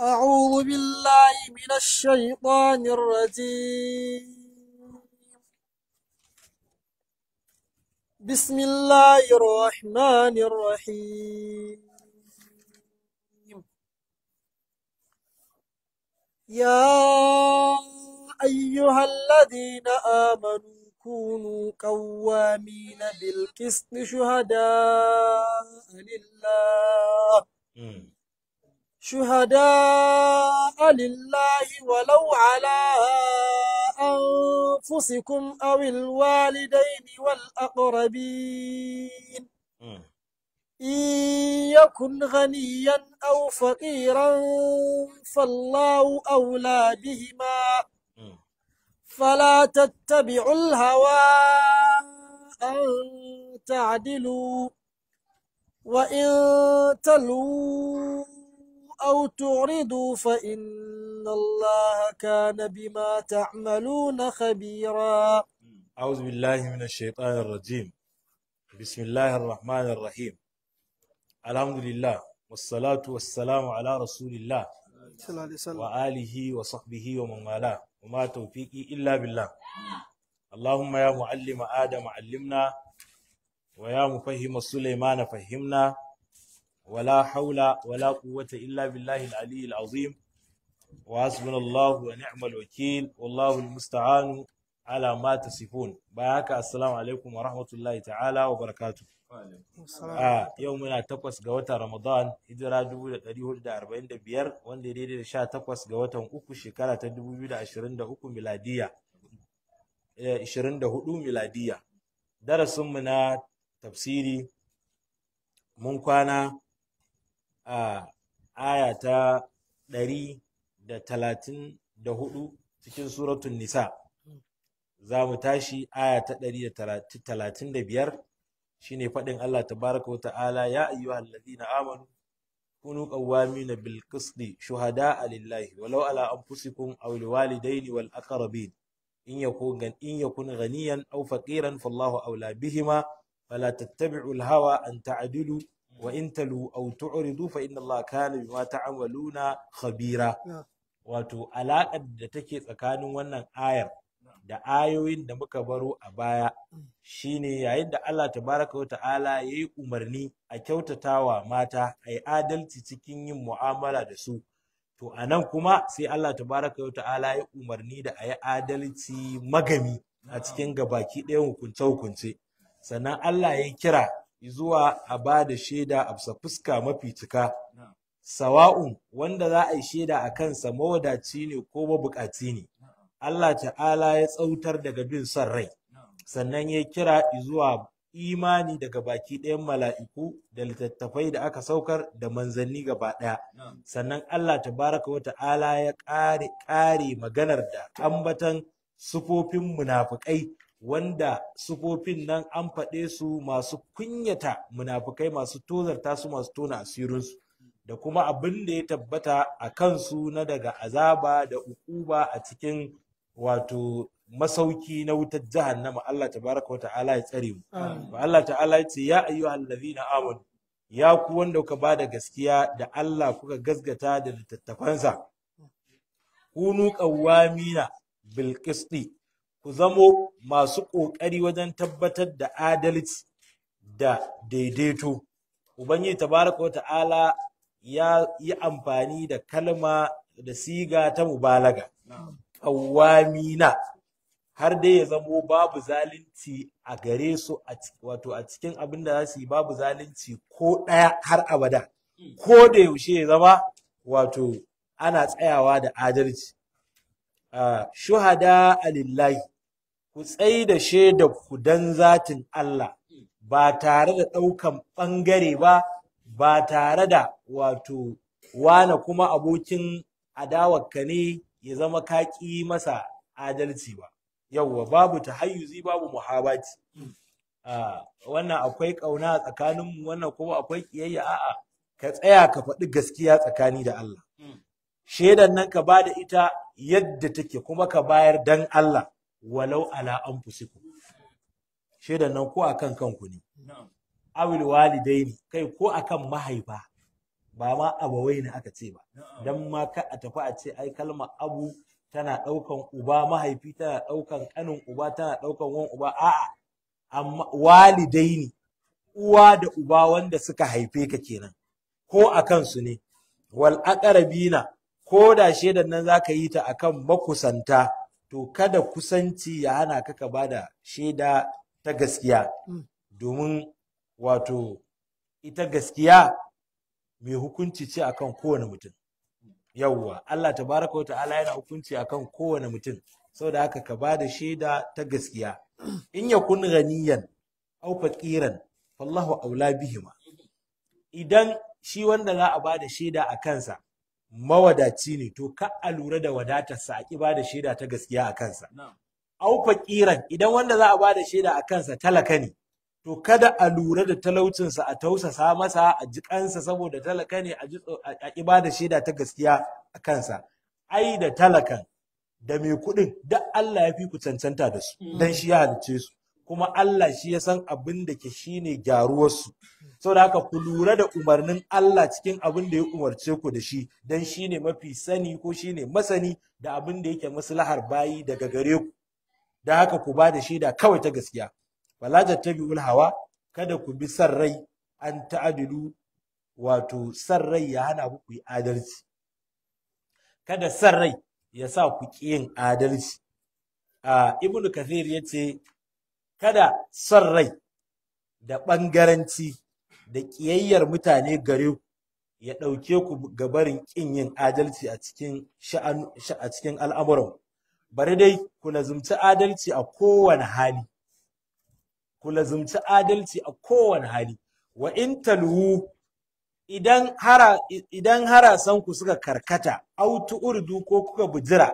أعوذ بالله من الشيطان الرجيم بسم الله الرحمن الرحيم يا أيها الذين آمنوا كونوا قوامين بالقسط شهداء لله شهداء لله ولو على أنفسكم أو الوالدين والأقربين إن يكن غنيا أو فقيرا فالله أولى بهما فلا تتبعوا الهوى أن تعدلوا وإن تلووا أو تعرضوا فإن الله كان بما تعملون خبيرا أعوذ بالله من الشيطان الرجيم بسم الله الرحمن الرحيم الحمد لله والصلاة والسلام على رسول الله وآله وصحبه ومن والاه وما توفيقي إلا بالله اللهم يا معلم آدم علمنا ويا مفهم سليمان فهمنا ولا حول ولا قوة إلا بالله العلي العظيم وحسبنا الله ونعم الوكيل والله المستعان على ما تصفون بياك السلام عليكم ورحمة الله تعالى وبركاته a yau muna takwas ga watan ramadan hijira 1445 wanda ya daidai da sha takwas ga watan uku shekara ta 2023 miladiya 24 miladiya darasinmu na tafsiri mun kwana a aya ta ɗari da talatin da hudu cikin suratun nisa za mu tashi aya ta ɗari da talatin da biyar shine faɗin Allah tabaraka wata'ala ta'ala ya ayyuhal ladina amanu kunu qawwamina bil qisti shuhada'a lillahi walau ala anfusikum aw liwalidayni wal aqrabin in yakun gan in yakun ghaniyan aw faqiran fallahu awla bihima fala tattabi'u al hawa an ta'dilu wa in talu aw tu'ridu fa inna Allah kana bima ta'maluna khabira wato alaƙar da take tsakanin wannan ayar da ayoyin da muka baro a baya shine yayin da Allah tabaraka wa ta'ala yayi umarni a kyautatawa mata a ai adalci cikin yin mu'amala da su to a nan kuma sai Allah tabaraka wa ta'ala ya umarni da ayi adalci magami a cikin gabaki ɗaya hukunce hukunce sannan Allah ya kira zuwa a ba da shaida a bisa fuska mafi cika sawa'un wanda za a yi shaida a kansa mawadaci ne ko mabukaci ne Allah ta'ala ya tsautar daga bin son rai sannan ya kira zuwa imani daga baki ɗayan mala'iku da littattafai da aka saukar da manzanni gaba ɗaya sannan Allah tabaraka wa ta'ala ya ƙare maganar da ambatan sufofin munafukai wanda sufofin nan an faɗe su masu kunyata munafukai masu tozarta su masu tona asirinsu da kuma abin da ya tabbata a kansu na daga azaba da ukuba a cikin wato masauki na wutar jahannama Allah tabaraka ta'ala ya tsare mu Allah ta'ala ya ce ya ayyuhal na amanu ya ku wanda kuka bada gaskiya da Allah kuka gasgata da littattafansa kunu nuka bil qisti ku zamo masu ƙoƙari wajen tabbatar da adalci da daidaito ubangiji tabaraka ta'ala ya yi amfani da kalma da siga ta mubalaga Kawamina har dai ya zamo babu zalunci a gare su wato a cikin abin da za su yi babu zalunci ko ɗaya har abada ko da yaushe ya zama wato ana tsayawa da adalci ah, shuhada alillahi ku tsai da shaidar ku dan zatin Allah ba tare da ɗaukan ɓangare ba ba tare da wato wane kuma abokin ka ne ya zama ka masa adalci ba yawwa babu ta hayyuzi babu muhabati wannan akwai ƙauna a tsakaninmu wannan kuma akwai ƙiyayya a'a ka tsaya ka faɗi gaskiya tsakani da Allah mm. shaidan nan ka ba da ita yadda take kuma ka bayar dan Allah walau ala fusiku shaidan nan ko akan kanku ne awil walidaini kai ko akan mahaifa ba ma abawai ne aka ce ba dan ma ka a tafi a ce ai kalma abu tana daukan uba mahaifi tana daukan kanin uba tana daukan wan uba a'a amma ne. uwa da uba wanda suka haife ka kenan ko akan su ne wal aqrabina ko da shaidan nan zaka yi ta akan makusanta to kada kusanci ya hana ka ka bada shaida ta gaskiya mm. domin wato ita gaskiya mai hukunci ce akan kowane mutum yawwa Allah tabaraka wa ta'ala yana hukunci akan kowane mutum saboda haka ka bada shaida ta gaskiya mm. in ya kun ganiyan aw faqiran fallahu aula bihima idan shi wanda za a bada shaida a kansa mawadaci ne to ka a lura da wadatarsa a ba da shaida ta gaskiya a kansa au faƙiran idan wanda za a ba da shaida a kansa talaka ne to kada a lura da talaucinsa a tausasa masa a jikansa saboda talaka ne a ba da shaida ta gaskiya a kansa ai da talakan da mai kuɗin da Allah ya fi ku cancanta da su mm. don shi ya halice su kuma Allah shi ya san abin da ke shi ne gyaruwarsu saboda haka ku lura da umarnin Allah cikin abin da ya umarce ku da shi don shi ne mafi sani ko shi ne masani da abin da yake maslahar bayi daga gare ku da haka ku ba da shaida kawai ta gaskiya ta tattabi'ul hawa kada ku bi san rai an ta'adilu wato san rai ya hana ku yi adalci kada san rai ya sa ku ƙi yin adalci. Ah, Ibn Kathir ya ce, kada son rai da ɓangaranci da ƙiyayyar mutane gare ya ɗauke ku ga barin ƙin yin adalci a cikin a cikin al'amuran bari dai ku lazumci adalci a kowane hali ku lazumci adalci a kowane hali wa in talhu idan hara harasan ku suka karkata autu urdu ko kuka bujira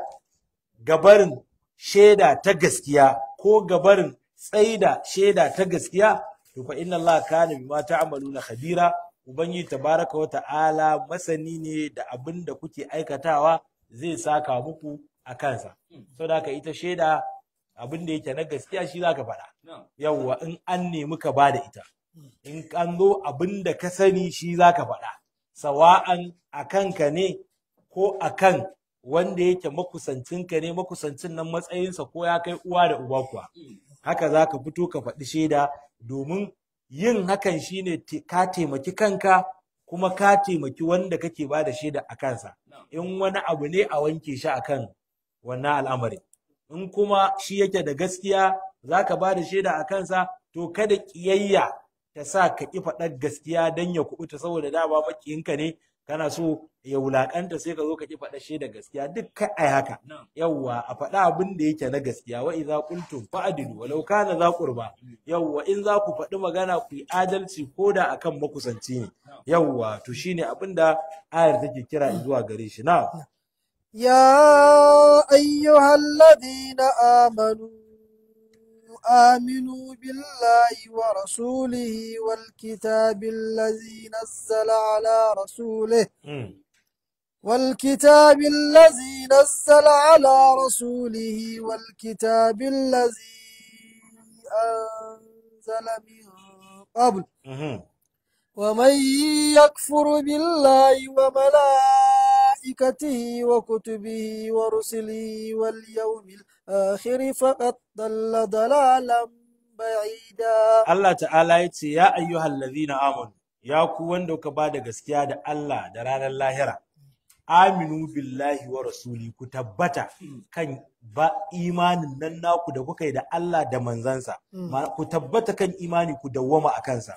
gabarin shaida ta gaskiya ko gabarin tsaida shaida ta gaskiya to fa inna Allah kana bima ta'maluna khabira ubangi tabaraka wa ta'ala masani ne da abin da kuke aikatawa zai saka muku a kansa saboda haka ita shaida abin da yake na gaskiya shi zaka faɗa yawwa in an nemi ka bada ita in an zo abin da ka sani shi zaka faɗa sawa'an a kanka ne ko a wanda yake makusancinka ne makusancin nan matsayinsa ko ya kai uwa da uba kuwa mm. haka za ka fito ka faɗi shaida domin yin hakan shine ka taimaki kanka kuma ka taimaki wanda kake ba da shaida a kansa in wani abu ne a wanke shi a kan wannan al'amari in kuma shi yake da gaskiya za ka ba da shaida a kansa to kada ƙiyayya ta sa ka ƙi faɗar gaskiya don ya kuɓuta saboda dama maƙiyinka ne kana so ya wulakanta sai ka zo ka ki faɗa da gaskiya duk kai ai haka yawwa a faɗa abin da yake na gaskiya wa idza qultum fa'dilu walau kana za qurba yawwa in za ku faɗi magana ku yi adalci koda akan makusanci ne yawwa to shine abin da ayar take kira zuwa gare shi na ya ayyuhal na amanu آمنوا بالله ورسوله والكتاب الذي نزل على رسوله والكتاب الذي نزل على رسوله والكتاب الذي أنزل من قبل ومن يكفر بالله وملائكته ملائكته وكتبه ورسله واليوم الآخر فقد ضل ضلالا بعيدا الله تعالى يتي يا أيها الذين آمنوا يا كون دوك بعد غسكيا الله دران الله aminu آمنوا بالله ورسوله كتبتا tabbata kan ba imanin nan naku da kuka yi da Allah da manzansa ku tabbata kan imani ku dawwama a kansa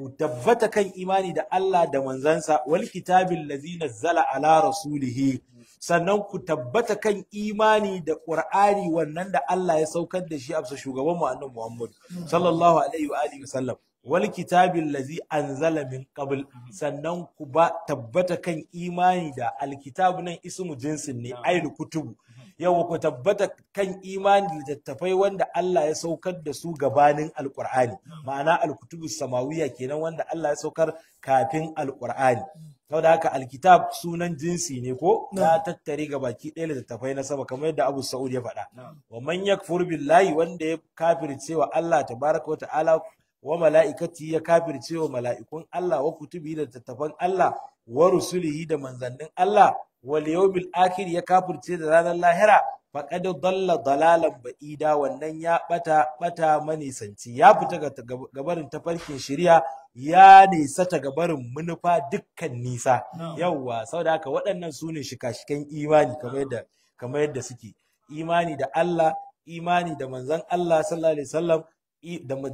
ku tabbata kan imani da Allah da manzansa wal kitabin lazi nazzala ala rasulihi sannan ku tabbata kan imani da qur'ani wannan da Allah ya saukar da shi amsa shugaban mu annabi Muhammad sallallahu alaihi wa alihi wasallam wal kitabin lazi anzala min qabl sannan ku ba tabbata kan imani da alkitab nan ismu jinsin ne ainihin kutubu Yau ku tabbata kan imani littattafai wanda Allah ya saukar da su gabanin alqur'ani ma'ana alkutubus samawiya kenan wanda Allah ya saukar kafin alqur'ani saboda haka alkitab sunan jinsi ne ko na tattare ga baki ɗaya littattafai na sama kamar yadda Abu Sa'ud ya faɗa wa man yakfur billahi wanda ya kafirce wa Allah tabaraka wa ta'ala wa mala'ikati ya kafirce wa mala'ikun Allah wa kutubi da tattafan Allah wa rusulihi da manzannin Allah wal akiri akhir ya kafirce da ranar lahira faqad dalla dalalan ba'ida wannan ya bata bata manisanci ya fita ga gabarin tafarkin shari'a ya nisa ta gabarin munufa dukkan nisa yawwa saboda haka waɗannan su ne shikashikan imani kamar yadda kamar yadda suke imani da Allah imani da manzon Allah sallallahu alaihi wasallam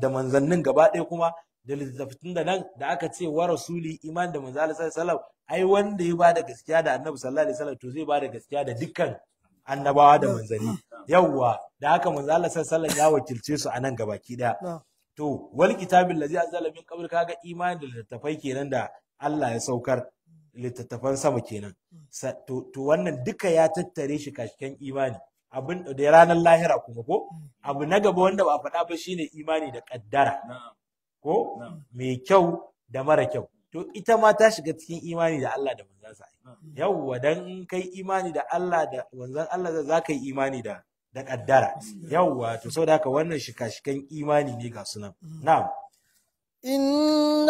da manzannin gaba ɗaya kuma da littattafin da nan da aka ce wa rasuli iman da manzo Allah sallallahu ai wanda ya bada gaskiya da annabi sallallahu alaihi wasallam to zai bada gaskiya da dukkan annabawa da manzanni yawwa da haka manzo Allah ya wakilce su anan gabaki daya to wal kitabil ladzi anzala min qabl kaga iman da littattafai kenan da Allah ya saukar littattafan sama kenan to wannan duka ya tattare shi kashikan imani abin da ranar lahira kuma ko hmm. abu na gaba wanda ba faɗa ba shine imani da kaddara ko mai kyau da mara kyau to ita ma ta shiga cikin imani da Allah da manzansa yawwa dan kai imani da Allah da manzan Allah za ka yi imani da da kaddara yawwa to saboda haka wannan shika-shikan imani ne ga sunan mm. na'am إن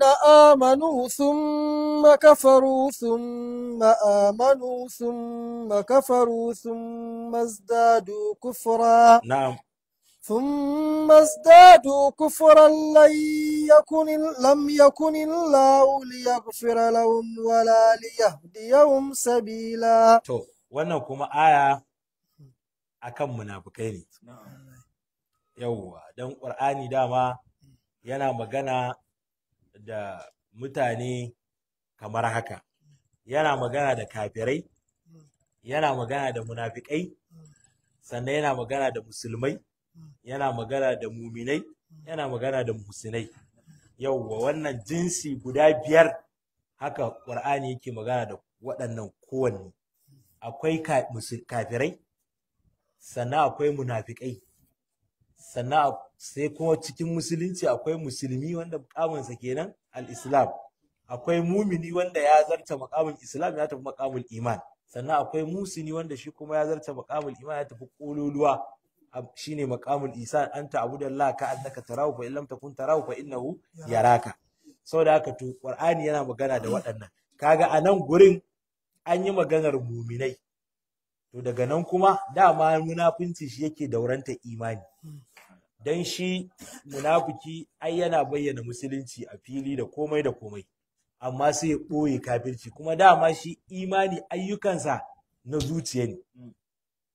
na آمنوا ثم كفروا ثم آمنوا ثم كفروا ثم ازدادوا كفرا نعم ثم ازدادوا كفرا لن يكن لم يكن الله ليغفر لهم ولا ليهديهم سبيلا to wannan kuma aya akan munafikai ne yawwa dan qur'ani dama yana magana da mutane kamar haka yana magana da kafirai yana magana da munafikai sannan yana magana da musulmai yana magana da muminai yana magana da musinai yauwa wannan jinsi guda biyar haka ƙur'ani yake magana da waɗannan kowanne akwai kafirai sannan akwai munafikai sannan sai kuma cikin musulunci akwai musulmi wanda mukaminsa kenan al-islam akwai mumini wanda ya zarta makamin islam ya tafi makamin iman sannan akwai musini wanda shi kuma ya zarta makamin iman ya tafi kololuwa shine makamul isa anta abudallah ka annaka tarahu fa illam takun tarahu fa innahu yaraka saboda haka to qur'ani yana magana da waɗannan kaga a nan gurin an yi maganar muminai to daga nan kuma dama munafunci shi yake dauranta imani hmm. dan shi munafiki ai yana bayyana musulunci a fili da komai da komai amma sai ya ɓoye kafirci kuma dama shi imani ayyukansa na zuciya ne hmm.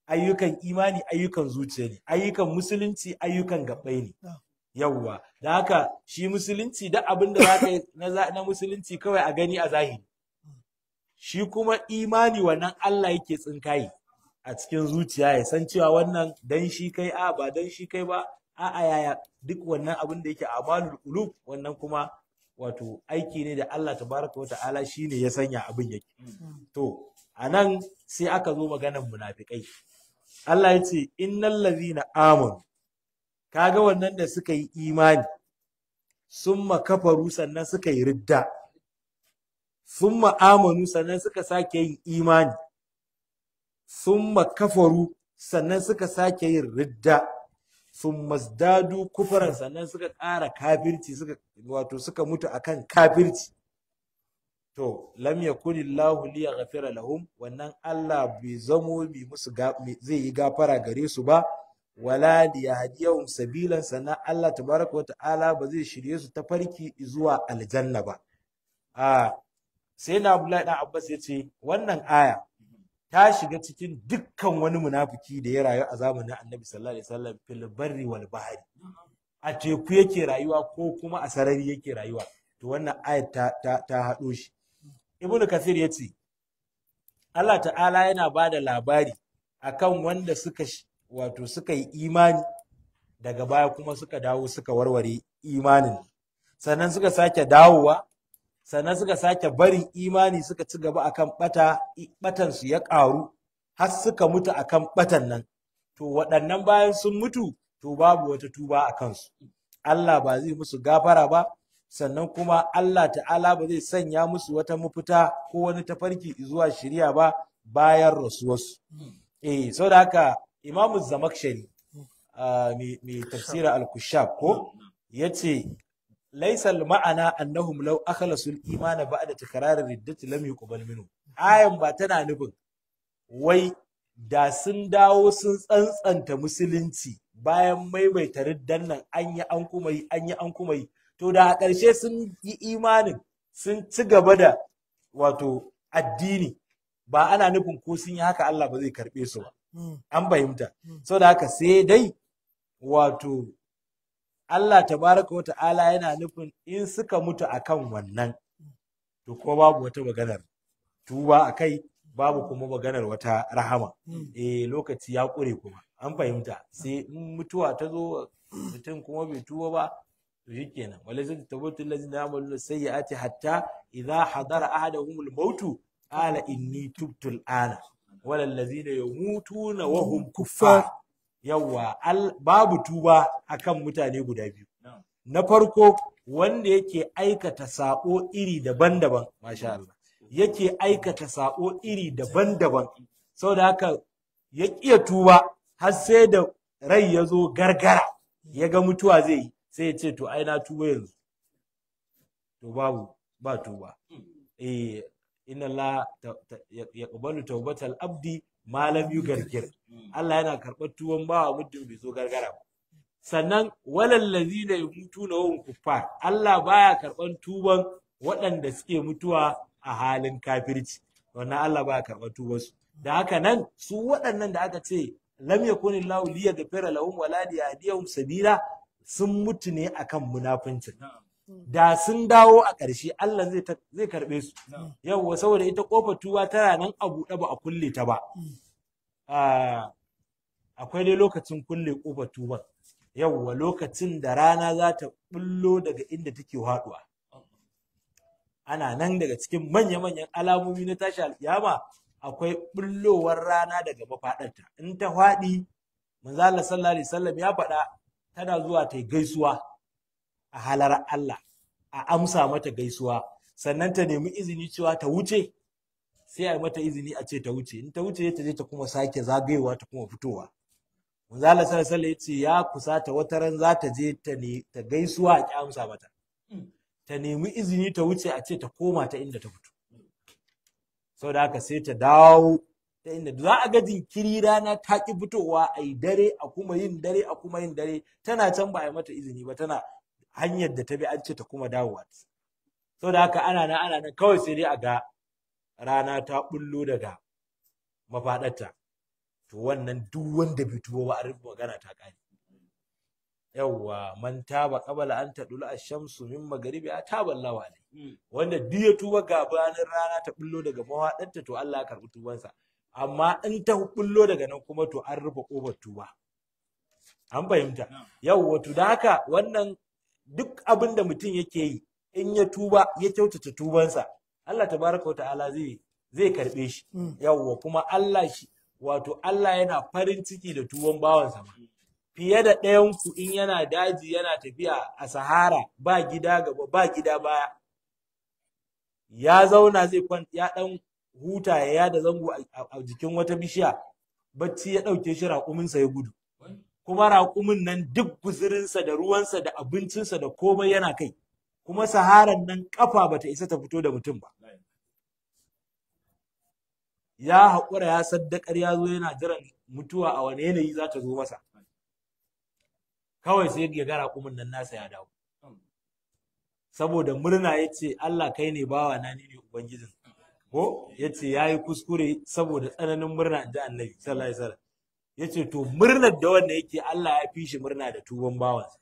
ayyukan imani ayyukan zuciya ne ayyukan musulunci ayyukan gabbai ne ah. yawwa da haka shi musulunci da abin da zaka na musulunci kawai a gani a zahiri shi kuma imani wannan Allah yake tsinkayi a cikin zuciya ya san cewa wannan dan shi kai a ba dan shi kai ba a a yaya duk wannan abin da yake amalul qulub wannan kuma wato aiki ne da Allah tabaraka wa ta'ala shine ya sanya abin yake hmm. to anan sai aka zo maganar munafikai Allah ya ce innal ladhina amanu kaga wannan da suka yi imani summa kafaru sannan suka yi ridda summa amanu sannan suka sake yin imani summa kafaru sannan suka sake yin ridda summa zdadu kufran sannan suka ƙara kafirci suka wato suka mutu akan kafirci to lam kuni, lahu li yaghfira lahum wannan Allah bai zamo bi musu zai yi gafara gare su ba wala li yahdiyahum sabilan sana Allah tabaraka wa ta'ala ba zai shirye su ta farki zuwa aljanna ba a sai na Abdullahi dan Abbas ya ce wannan aya ta shiga cikin dukkan wani munafiki da ya rayu a zamanin Annabi sallallahu alaihi wasallam fil barri a teku yake rayuwa ko kuma a sarari yake rayuwa to wannan Aya ta ta, ta haɗo shi ibnu kasir ya ce Allah ta'ala yana ba da labari akan wanda suka wato suka yi imani daga baya kuma suka dawo suka warware imanin sannan suka sake dawowa sannan suka sake barin imani suka ci gaba akan bata batan ya ƙaru? har suka mutu akan batan nan to waɗannan bayan sun mutu to babu wata tuba a kansu Allah ba zai musu gafara ba sannan kuma Allah ta'ala ba zai sanya musu wata mafita ko wani tafarki zuwa shirya ba bayan rasuwarsu eh da haka Imam zamakshari mai tafsira al-kushab ko ce, Laisal ma'ana annahum akala akhlasul imana ba da takrarir riddati lam yuqbal minhu ayan ba tana nufin wai da sun dawo sun tsantsanta musulunci bayan maimaita riddan nan an yi an kuma an yi an kuma yi to da a ƙarshe sun yi imanin sun ci gaba da wato addini ba ana nufin ko sun yi haka Allah ba zai karɓe su ba hmm. an fahimta hmm. so da haka sai dai wato Allah tabaraka wa ta'ala yana nufin in suka mutu akan wannan to ko babu wata maganar tuba a kai babu kuma maganar wata rahama hmm. eh lokaci ya ƙure kuma an fahimta sai mutuwa ta zo mutum kuma bai tuba ba to kenan wala zai tabbatu allazina amalu sayyi'ati hatta idza hadara ahaduhum al-mautu ala inni tubtul ana wala allazina yamutuna wa hum kuffar yawa babu tuba akan mutane guda biyu na farko wanda yake aikata sako iri daban-daban masha Allah yake aikata sako iri daban-daban saboda haka ya iya tuba har sai da rai ya zo gargara ya ga mutuwa zai yi sai ya ce to ai na tuba yanzu to babu ba tuba eh inna la yaqbalu al abdi ma lam yugargir Allah yana karɓar tuban bawa muddin bai zo gargara ba sannan walal ladina yamutuna wa hum kuffar Allah baya karban tuban waɗanda suke mutuwa a halin kafirci wannan Allah baya karɓar tuban su da haka nan su waɗannan da aka ce lam yakunillahu liyaghfira lahum wala liyahdiyahum sabila sun mutu ne a kan munafincin da sun dawo a ƙarshe Allah zai karɓe su yawwa saboda ita kofar tuwa tana nan a buɗe ba a kulle ta ba mm. akwai dai lokacin kulle kofar tuban yawwa lokacin da rana za ta bullo daga inda take haɗuwa ana nan daga cikin manya-manyan alamomi na tashi alkiyama akwai bullowar rana daga mafaɗarta in ta faɗi manzo Allah sallallahu alaihi wasallam ya faɗa tana zuwa ta gaisuwa a halar Allah a amsa mata gaisuwa sannan ta nemi izini cewa ta wuce sai a mata izini a ce ta wuce in ta wuce ta je ta kuma sake zagayewa ta kuma fitowa manzala sallallahu ya ce ya ta wata ran za ta je ta ne ta gaisuwa a amsa mata ta nemi izini ta wuce a ce ta koma ta inda ta fito saboda haka sai ta dawo ta inda za a ga jinkiri rana ta ki fitowa a yi dare a kuma yin dare a kuma yin dare tana can ba a yi mata izini ba tana hanyar da ta bi an ce ta kuma dawowa da haka ana nan ana nan kawai sai dai a ga rana ta bullo daga mafaɗarta to wannan duk wanda bai tuwo ba a rufe magana ta ƙare yawwa man taba qabala an tadula ash-shamsu min a taban lawa ne. wanda duk ya tuba gabanin rana ta bullo daga mawaɗanta to Allah ya karbi tubansa amma in ta bullo daga nan kuma to an rufe kofar tuba an fahimta yau Wato da haka wannan duk abin da mutum yake yi in ya tuba ya kyautata tubansa Allah tabaraka ta'ala zai zai karbe shi hmm. yawwa kuma Allah shi wato Allah yana farin ciki da tuban bawansa fiye da ɗayan ku in yana daji yana tafiya a sahara ba gida gaba ba gida baya ya zauna zai ya dan huta ya yada zango a jikin wata bishiya bacci ya dauke shi raƙuminsa ya gudu kuma raƙumin nan duk guzurinsa da ruwansa da abincinsa da komai yana kai kuma saharan nan kafa bata isa ta fito da mutum ba ya haƙura ya saddakar ya zo yana jiran mutuwa a wani yanayi za ta zo masa kawai sai ya ga raƙumin nan nasa ya dawo saboda murna ya ce Allah kai ne bawa na ne ubangijin ko ya ce ya yi kuskure saboda tsananin murna da annabi sallallahu alaihi wasallam ce to murnar da wanda yake Allah ya fi shi murna da tuban bawansa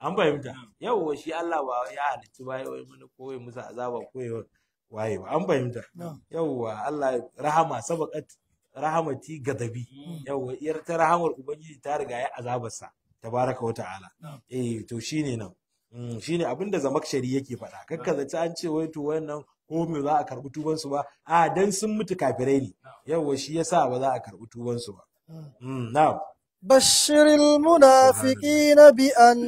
an fahimta yawwa shi Allah ba ya halicci ba ya mana ko ya musa azaba ko ya waye ba an fahimta yawwa Allah rahama sabaqat rahamati gadabi hmm. yawwa iyar ta rahamar ubangiji ta riga ya azabarsa tabaraka wa ta'ala eh to shine nan hmm, shine abinda zamakshari yake faɗa kakkaza ta an ce wai to wannan Ko me za a karɓi tubansu ba? A'a don sun mutu kafin raini. Yau shi yasa sa ba za a karɓi tubansu ba. Hmm. Hmm, Bashirin munafuki na biyan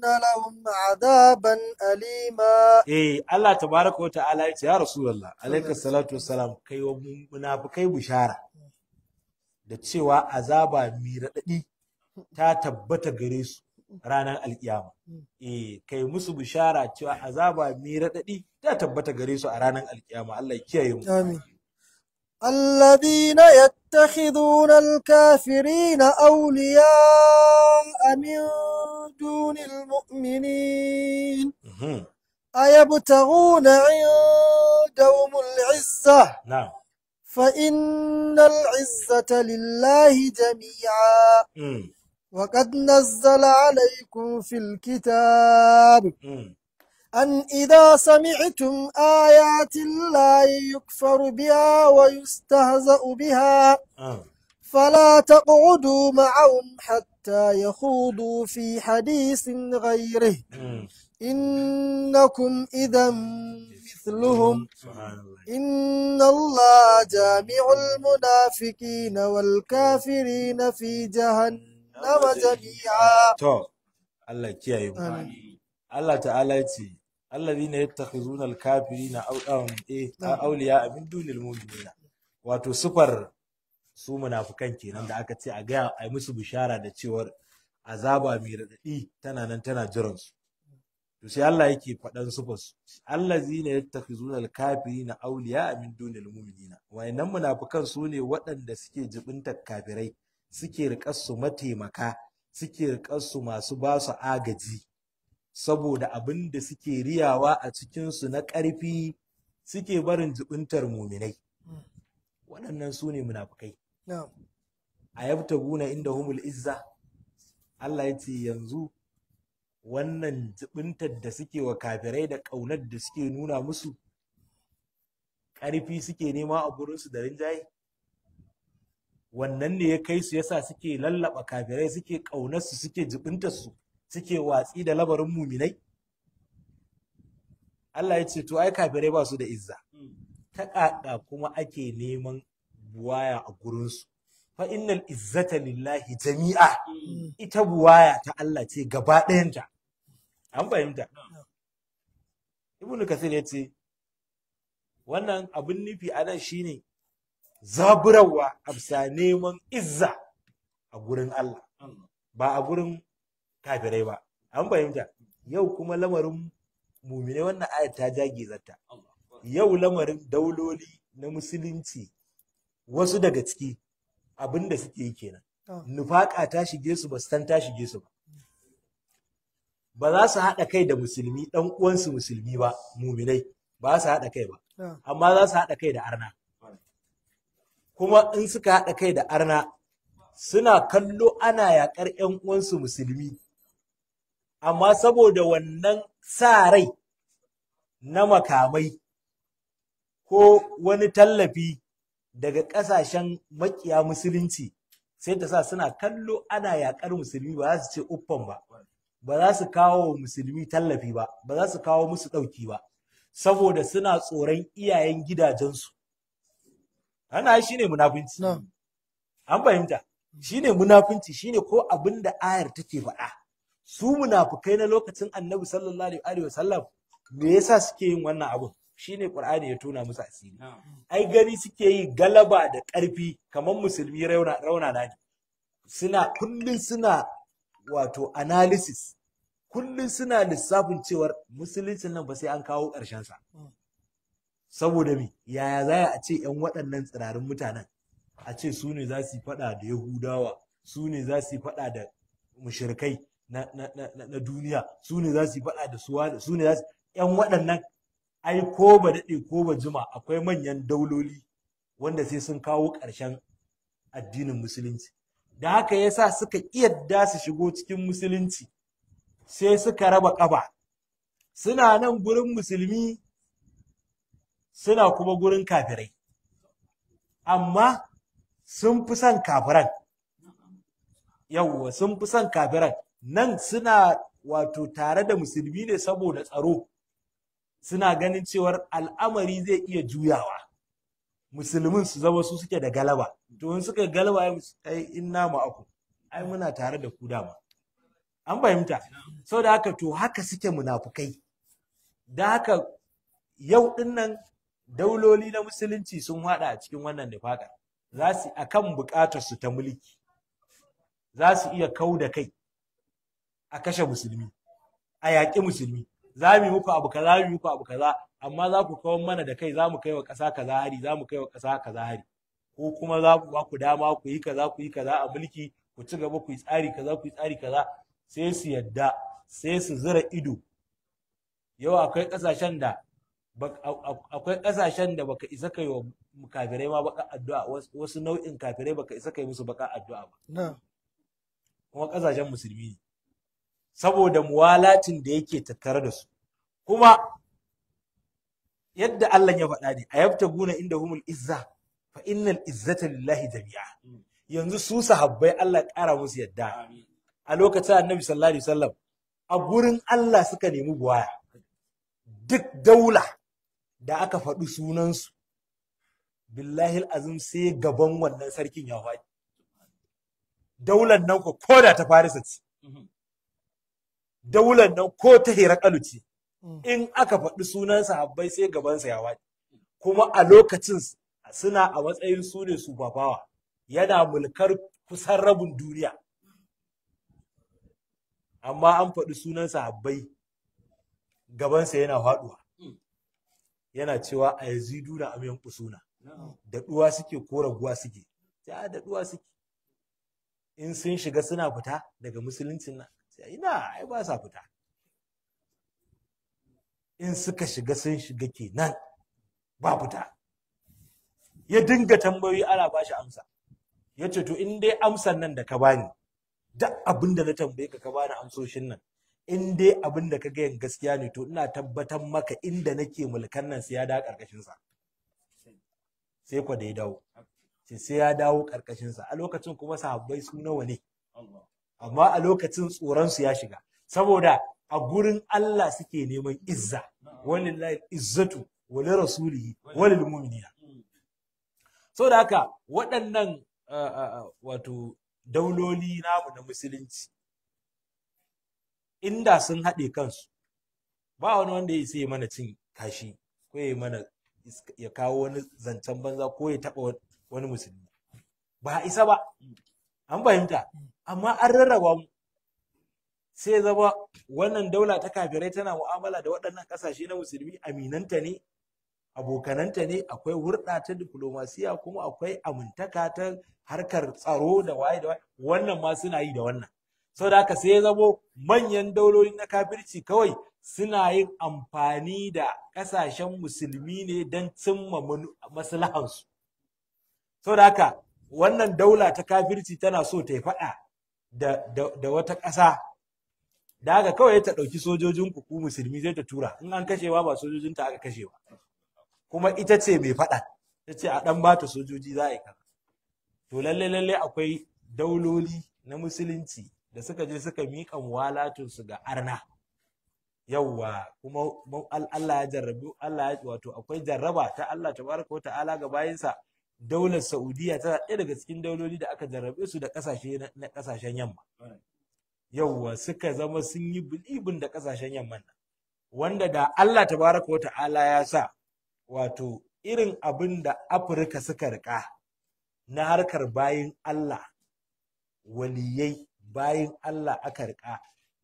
na lahumma a zaben alima. Eh, Allah ta baraka wata ala'ija ya rasu lallai. Alayka sallatu salam, kai wani munafukaimu shara. Hmm. Da cewa azaba miyar daɗi ta tabbata gare su. ranar alkiyama. Hmm. Eh, kai musu bishara cewa azaba mai raɗaɗi ta tabbata gare su a ranar alkiyama Allah kiyaye mu. Amin. Alladina yattakhidun alkafirina awliya amin dunil mu'minin. Mhm. Ayabtaghuna indawmul izza. Na'am. Fa innal lillahi jami'a. Hmm. وقد نزل عليكم في الكتاب أن إذا سمعتم آيات الله يكفر بها ويستهزأ بها آه. فلا تقعدوا معهم حتى يخوضوا في حديث غيره إنكم إذا مثلهم إن الله جامع المنافقين والكافرين في جهنم nama jami'a to Allah kiyaye mu Allah ta'ala ce allazina yattakhizuna Na auliya eh, awliya min dunil mu'minina wato sufar su munafukan kenan da aka ce a gaya a yi musu bishara da cewar azaba mai raɗaɗi tana nan tana jiran su to sai Allah yake faɗan sufar su allazina yattakhizuna al-kafirina awliya min dunil mu'minina wayannan munafukan su ne waɗanda suke jibinta kafirai suke riƙar su mataimaka suke riƙar su masu ba su agaji saboda abin da suke riyawa a cikinsu na ƙarfi suke barin jibintar muminai waɗannan su ne munafukai a buna, inda humul izza Allah ya ce yanzu wannan jibintar da suke wa kafirai da ƙaunar da suke nuna musu ƙarfi suke nema a gurinsu da rinjaye wannan ne ya kai su yasa suke lallaba kafirai suke ƙaunarsu suke jibintarsu suke watsi da labarin muminai Allah ya ce to ai kafirai ba su da izza ta ƙaƙa kuma ake neman buwaya a gurinsu fa innal izzata lillahi jami'a ita buwaya ta Allah ce gaba ɗayanta an fahimta ibnu kasir ya ce wannan abin nufi a nan shine zaburarwa a neman izza a gurin Allah ba a gurin kafirai ba an fahimta yau kuma lamarin mumine wannan ayat ta jage zata yau lamarin dauloli na musulunci wasu daga ciki abinda suke yi kenan nufaka ta shige su ba san ta shige su ba ba za su haɗa kai da musulmi ɗan uwansu musulmi ba muminai ba su haɗa kai ba ah. amma za su haɗa kai da arna kuma in suka haɗa kai da arna suna kallo ana yaƙar 'yan uwansu musulmi amma saboda wannan sa rai na makamai ko wani tallafi daga ƙasashen makiya musulunci sai ta sa suna kallo ana yaƙar musulmi ba za su ce uffan ba ba za su kawo wa musulmi tallafi ba ba za su kawo musu ɗauki ba saboda suna tsoron iyayen gidajensu ana shi ne munafunci an fahimta shi ne munafunci shi ne ko abin da ayar take faɗa su munafukai na lokacin annabi sallallahu alaihi wa sallam me yasa suke yin wannan abun shi ne ƙur'ani ya tuna musu asiri ai gani suke yi galaba da ƙarfi kamar musulmi rauna na ne suna kullun suna wato analysis Kullum suna lissafin cewar musulunci nan ba sai an kawo ƙarshen sa hmm. saboda me yaya za a ce yan waɗannan tsirarin mutanen a ce su ne za su yi faɗa da yahudawa su ne za su yi faɗa da mushrikai na, duniya su ne za su yi faɗa da suwa su ne za su yan waɗannan ai ko ba daɗe ko ba jima akwai manyan dauloli wanda sai sun kawo ƙarshen addinin musulunci da haka yasa suka iya yadda su shigo cikin musulunci sai suka raba ƙafa suna nan gurin musulmi suna kuma gurin kafirai amma sun fi son kafiran yawwa sun fi son kafiran nan suna wato tare da musulmi ne saboda tsaro suna ganin cewar al'amari zai iya juyawa musulmin su zama su suke da galaba to in suka galaba ai in namu aku ai muna tare da ku dama an fahimta saboda haka to haka suke munafukai da haka yau din nan dauloli na musulunci sun hada a cikin wannan nifakar za su akan bukatar su ta mulki za su iya kau da kai a kashe musulmi a yaƙi musulmi za mu yi muku abu kaza mu muku abu kaza amma za ku kawo mana da kai za mu kai wa ƙasa kaza hari za mu kai wa ƙasa kaza hari ko kuma za ku ba ku dama ku yi kaza ku yi kaza a mulki ku ci gaba ku yi tsari kaza ku yi tsari kaza sai su yadda sai su zura ido yau akwai ƙasashen da akwai ƙasashen da baka isa kai wa kafirai ma baka addu'a wasu nau'in kafirai baka isa kai musu baka addu'a ba kuma ƙasashen musulmi ne saboda muwalatin da yake tattare da su kuma yadda Allah ya faɗa ne a yabta guna inda humul izza fa innal izzata lillahi jami'a hmm. yanzu su sahabbai Allah ƙara musu yadda a lokacin annabi sallallahu alaihi wasallam a gurin Allah suka nemi buwaya duk daula da aka faɗi sunansu billahi azim sai gaban wannan sarkin ya faɗi daular nan ko ko da ta farisa ce mhm. daular nan ko ta herakalu ce mm. in aka faɗi sunansa Habbai sai gabansa ya faɗi kuma a lokacin suna a matsayin su ne su babawa yana mulkar kusan rabin duniya amma an faɗi sunansa Habbai gabansa yana faɗuwa yana cewa a yanzu duna a miyan kusuna da suke ko raguwa suke ya da suke in sun shiga suna fita daga musuluncin nan ina ai ba sa fita in suka shiga sun shiga kenan ba fita ya dinga tambayoyi ana ba shi amsa ya ce to in dai amsan nan da ka bani duk abin da na tambaye ka ka bani amsoshin nan in dai abin da ka gayan gaskiya ne to ina tabbatar maka inda nake mulkan nan sai ya dawo karkashin sa sai ko da ya dawo sai ya dawo karkashin sa a lokacin kuma sahabbai su nawa ne amma a lokacin tsoron su ya shiga saboda a gurin Allah suke neman izza walillahi izzatu wa li rasulihi wa lil mu'minina mm. saboda haka waɗannan wato dauloli namu na musulunci inda sun haɗe kansu ba wani wanda ya sai mana cin kashi ko ya mana ya kawo wani zancen banza ko ya taɓa wani musulmi ba a isa ba an fahimta amma an rarraba mu sai zama wannan daula ta kafirai tana mu'amala da waɗannan ƙasashe na musulmi aminanta ne abokananta ne akwai hurɗa ta diplomasiya kuma akwai amintaka ta harkar tsaro da waye da waye wannan ma suna yi da wannan saboda haka sai ya zamo manyan dauloli na kafirci kawai suna yin amfani da ƙasashen musulmi ne don cimma maslahansu saboda haka wannan daula ta kafirci tana so ta yi faɗa da wata ƙasa da haka kawai ta ɗauki sojojin ku musulmi zai ta tura in an kashewa ba sojojinta aka kashewa kuma ita ce mai faɗa ta ce a ɗan bata sojoji za a yi kaza to lalle lalle akwai dauloli na musulunci da suka je suka miƙa muwalatunsu ga arna yawwa kuma Allah ya jarrabu Allah ya wato akwai jarraba ta Allah tabaraka wa ta'ala ga bayinsa daular Saudiya tana ɗaya daga cikin dauloli da aka jarrabe su da kasashe na kasashen yamma yawwa suka zama sun yi bulibin da kasashen yamma. wanda da Allah tabaraka wa ta'ala ya sa wato irin abin da Afirka suka rika na harkar bayin Allah waliyai bayan Allah aka riƙa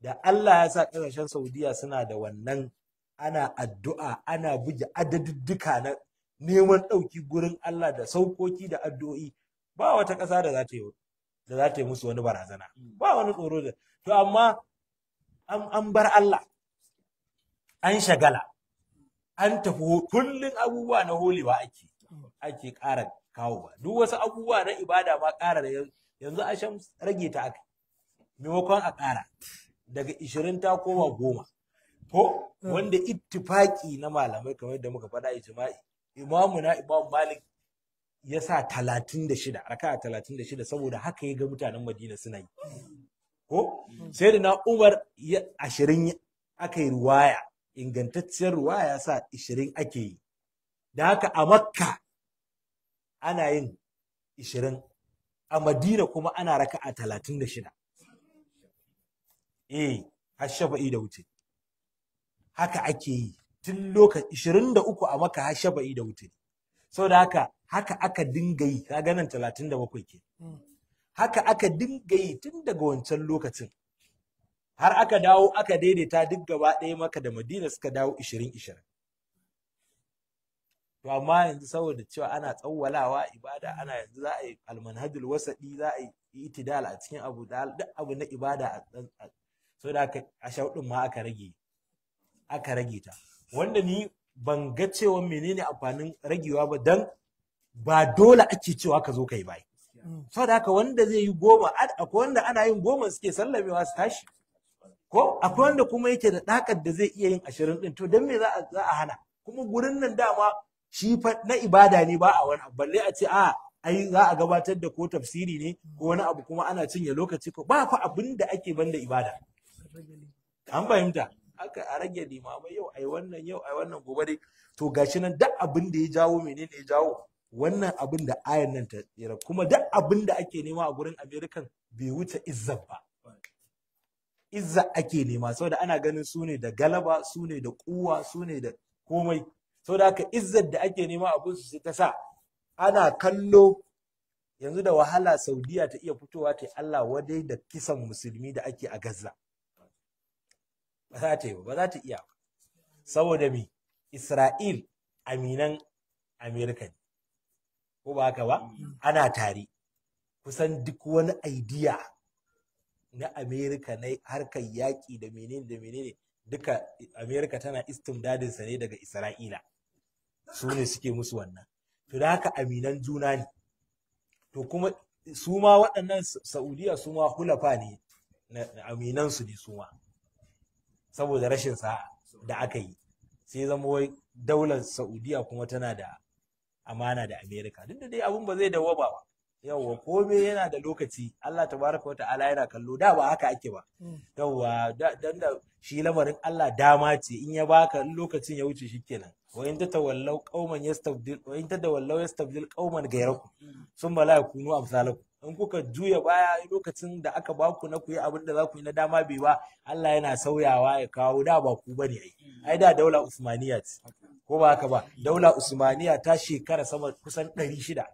da Allah ya sa ƙasashen Saudiya suna da wannan ana addu'a ana buge adadudduka na neman ɗauki gurin Allah da saukoki da addu'o'i ba wata ƙasa da za ta yi da za ta yi musu wani barazana ba wani tsoro da to amma an bar Allah an shagala an tafi kullun abubuwa na holewa ake ake ƙara kawowa duk wasu abubuwa na ibada ma ƙara yanzu a rage ta aka maimakon a ƙara daga ishirin ta koma goma ko mm. wanda ittifaki na malamai kamar da muka faɗa ijma'i imamu na imam malik ya sa talatin da shida raka talatin da saboda haka ya ga mutanen madina suna yi ko mm. sai da na umar ya ashirin aka yi ruwaya ingantacciyar ruwaya ya sa ashirin ake yi da haka a makka ana yin ishirin, a madina kuma ana raka a talatin da shida eh har shafa'i da wuce haka ake yi tun lokaci 23 a maka har shafa'i da wuce saboda haka haka aka dinga yi ka ganin 37 ke hmm. haka aka dinga yi tun daga wancan lokacin har aka dawo aka daidaita duk gaba ɗaya maka da madina suka dawo 20-20 to amma yanzu saboda cewa ana tsawwalawa ibada ana yanzu za a yi almanhajul wasaɗi za a yi itidal a cikin abu da duk abu na ibada a so da aka a din ma aka rage aka rage ta wanda ni ban ga cewa menene amfanin ragewa ba dan ba dole ake cewa ka zo kai bai da haka wanda zai yi goma akwai wanda ana yin goma suke sallamewa su tashi ko akwai wanda kuma yake da dakar da zai iya yin ashirin ɗin to dan me za a hana kuma gurin nan dama shi fa na ibada ne ba a wani balle a ce a ai za a gabatar da ko tafsiri ne ko wani abu kuma ana cinye lokaci ko ba fa abin da ake banda ibada an fahimta aka a rage limamai yau ai wannan yau ai wannan gobe dai to gashi nan duk abin da ya jawo menene ya jawo wannan abin da ayan nan ta tsira kuma duk abin da ake nema a gurin American bai wuce izza ba izza ake nema saboda ana ganin su ne da galaba su ne da kuwa su ne da komai saboda haka izzar da ake nema abin su sai ta sa ana kallo yanzu da wahala Saudiya ta iya fitowa ta Allah wadai da kisan musulmi da ake a Gaza ba za ta yi ba za ta iya ba saboda me Isra'il aminan Amerika ne ko ba haka ba ana tare kusan duk wani idea na Amerika na harkar yaƙi da menene da menene duka Amerika tana istimdadinsa ne daga Isra'ila su ne suke musu wannan to da haka aminan juna ne to kuma su ma waɗannan Saudiya su ma hulafa ne na aminansu ne su ma saboda rashin sa'a da aka yi sai zama wai daular saudiya kuma tana da amana da amerika duk da dai abun ba zai dawwaba ba yawwa me yana da lokaci Allah tabaraka wa ta'ala yana kallo da ba haka ake ba mm. yawwa dan da shi lamarin Allah dama ce in ya baka lokacin ya wuce shikenan wa in tatawallaw qauman yastabdil wa in tatawallaw yastabdil qauman ghayrakum sun mm. la yakunu amsalakum in kuka juya baya lokacin da aka baku na ku yi abin da za ku yi na dama bai ba Allah yana sauyawa ya kawo da ba ku bane ai ai da daula usmaniya ce ko ba haka ba daula usmaniya ta shekara sama kusan 600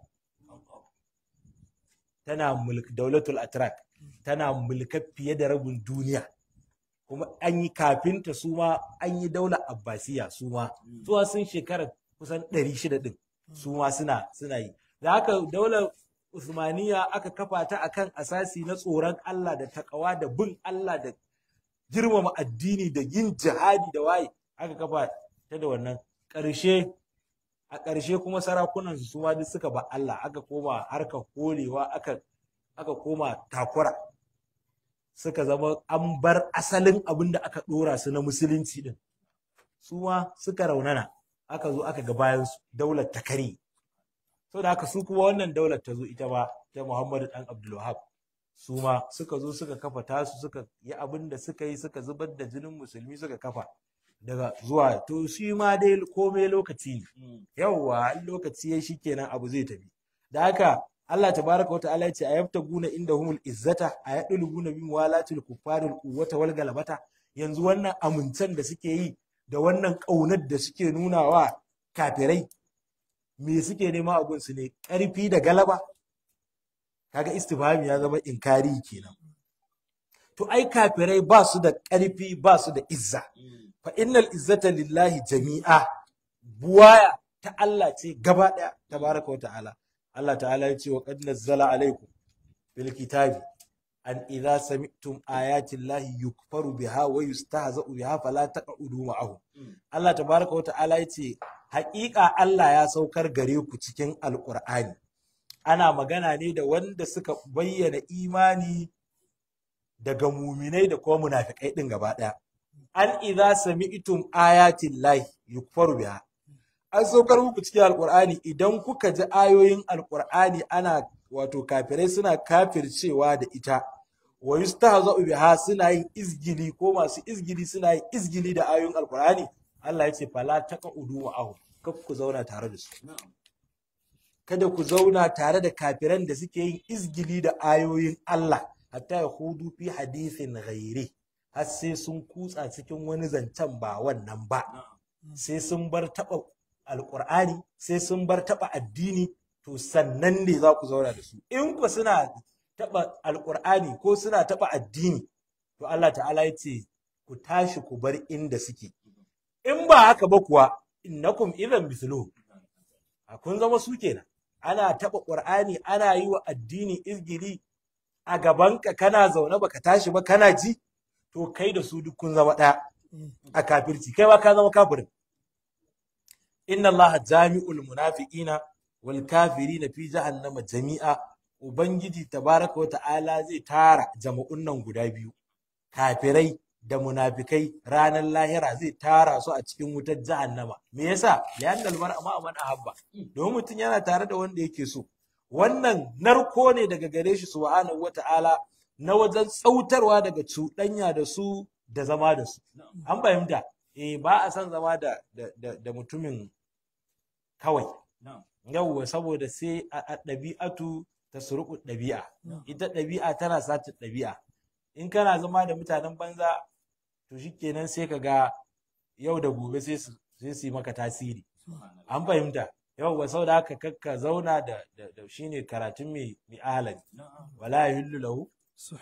tana mulk daulatul atrak tana mulka fiye da rabin duniya kuma an yi kafinta su ma an yi daula abbasiya su ma sun shekara kusan 600 din su ma suna suna yi da haka daular Usmaniya aka kafa ta akan asasi na tsoron Allah da takawa da bin Allah da girmama addini da yin jihadi da waye aka kafa ta da wannan ƙarshe a ƙarshe kuma sarakunan su suma duk suka ba Allah aka koma harkar kolewa aka aka koma takura suka zama an bar asalin abin da aka ɗora su na musulunci din su ma suka raunana aka zo aka ga bayan daular ta Sau da haka su kuma wannan daular ta zo ita ba ta Muhammadu dan abdulwahab su ma suka zo suka kafa tasu suka yi abin da suka yi suka zubar da jinin musulmi suka kafa daga zuwa to shi ma dai komai lokaci ne yawwa lokaci ya shikenan abu zai tafi da haka Allah tabaraka wa ta'ala yace ayyabta guna inda humul izzata ayadul guna bi walatul kuffarul quwwata wal galabata yanzu wannan amincen da suke yi da wannan ƙaunar da suke nunawa kafirai me suke nema a gunsu ne ƙarfi da galaba kaga istifhami ya zama inkari kenan to ai kafirai ba su da ƙarfi ba su da izza fa innal izzata lillahi jami'a buwaya ta Allah ce gaba ɗaya tabaraka wa ta'ala Allah ta'ala ya ce wa qad nazzala alaikum bil kitabi an idza sami'tum ayati llahi yukfaru biha wa yustahza'u biha fala taq'udu ma'ahu hmm. Allah tabaraka wa ta'ala ya ce haƙiƙa Allah ya saukar gare ku cikin alƙur'ani ana magana ne da wanda suka bayyana imani daga muminai da kuma munafikai ɗin gaba ɗaya an idza sami'tum ayatin lahi yukfaru biha an saukar muku cikin alƙur'ani idan kuka ji ayoyin alƙur'ani ana wato kafirai suna kafircewa da ita wa zaɓi biha suna yin izgili ko masu izgili suna yin izgili da ayoyin alƙur'ani Allah ya ce fala udu wa ahu kar ku zauna tare da su kada ku zauna tare da kafiran da suke yin izgili da ayoyin Allah hatta ya fi hadithin ghairi har sai sun kutsa cikin wani zancen ba wannan ba sai sun bar taba alqur'ani sai sun bar taba addini to sannan ne za ku zauna da su in ku suna taba alqur'ani ko suna taba addini to Allah ta'ala ya ce ku tashi ku bar inda suke in ba haka ba kuwa innakum idan misluhu a kun zama su kenan ana taɓa Ƙur'ani ana yi wa addini izgiri. a gabanka kana zaune baka tashi ba kana ji to kai da su duk kun zama ɗaya a kafirci kai ba ka zama kafirin inna allaha jami'ul munafiqina wal kafirina fi jahannama jami'a ubangiji tabaraka wa ta'ala zai tara jama'un nan guda biyu kafirai da munafikai ranar lahira zai tara su a cikin wutar nama. me yasa li'annal mar'a Amma man ahabba domin mutum yana tare da wanda yake so wannan narko ne daga gare shi su subhanahu wata'ala na wajen tsautarwa daga cuɗanya da su da zama da su an fahimta eh ba a san zama da da mutumin kawai yawwa saboda sai a ɗabi'atu ta suruku ɗabi'a ita ɗabi'a tana sace ɗabi'a in kana zama da mutanen banza to kenan sai ka ga yau da gobe sai su yi maka tasiri an fahimta yau ba sau da haka kakka zauna da shi ne karatun mai ahalari wala yullu lahu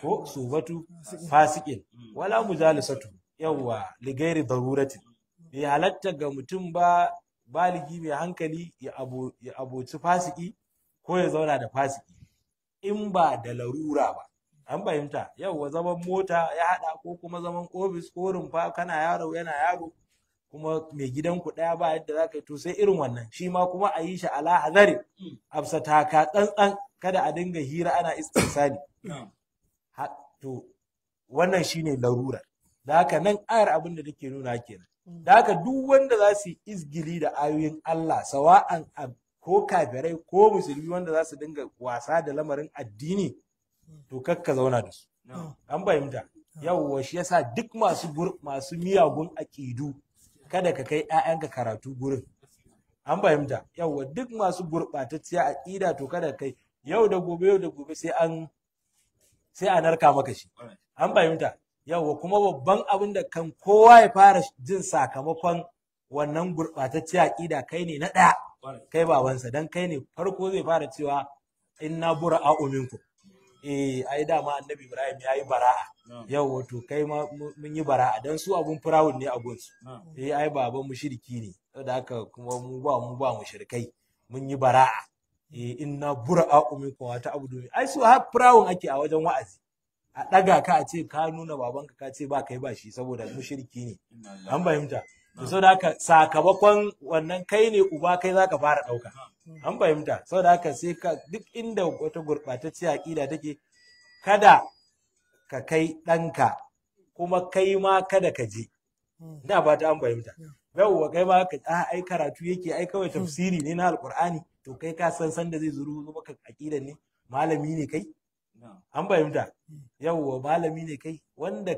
ko subatu fasikin mm. wala mu mujalisatu yawwa ligairi daruratin mm. bai halatta ga mutum ba baligi mai hankali ya aboci fasiki ko ya zauna da fasiki in ba da larura ba an fahimta yauwa zaman mota ya haɗa ko kuma zaman ofis ko rumfa kana yaro yana yaro kuma mai gidan ku ɗaya ba yadda za ka yi to sai irin wannan shi ma kuma a yi shi ala hazari hmm. absa taka tsantsan kada a dinga hira ana istinsani to wannan shine larura da haka nan ayar abin da take nuna kenan hmm. da haka duk wanda za su yi izgili da ayoyin Allah sawa'an ko kafirai ko musulmi wanda za su dinga wasa da lamarin addini to kakka zauna da su an fahimta yawwa shi yasa duk masu masu miyagun akidu kada ka kai 'ya'yanka karatu gurin an fahimta yawwa duk masu gurɓatacciya aqida to kada kai yau da gobe yau da gobe sai an sai a narka maka shi an fahimta yawwa kuma babban abin da kan kowa ya fara jin sakamakon wannan gurɓatacciya aƙida kai ne na ɗaya kai babansa dan kai ne farko zai fara cewa inna bura'a minkum eh ai dama annabi ibrahim ya yi bara'a yau wato kai ma mun yi bara'a dan su abun firawun ne a su eh ai baban shirki ne saboda haka kuma mu ba mu ba shirkai mun yi bara'a eh inna bura'a minkum wa ta'budu ai su har firawun ake a wajen wa'azi a ɗaga ka a ce ka nuna babanka ka ce ba kai ba shi saboda shirki ne an fahimta saboda haka sakamakon wannan kai ne uba kai zaka fara dauka an fahimta saboda haka sai ka duk inda wata gurɓatacciya aƙida take kada ka kai ɗanka kuma kai ma kada ka je ina ba ta an fahimta yawwa kai ma ka a ah, ai karatu yake ai kawai tafsiri ne na alqur'ani to kai ka san san da zai zuru ka aƙidan ne malami ne kai an fahimta mm. yawwa malami ne kai wanda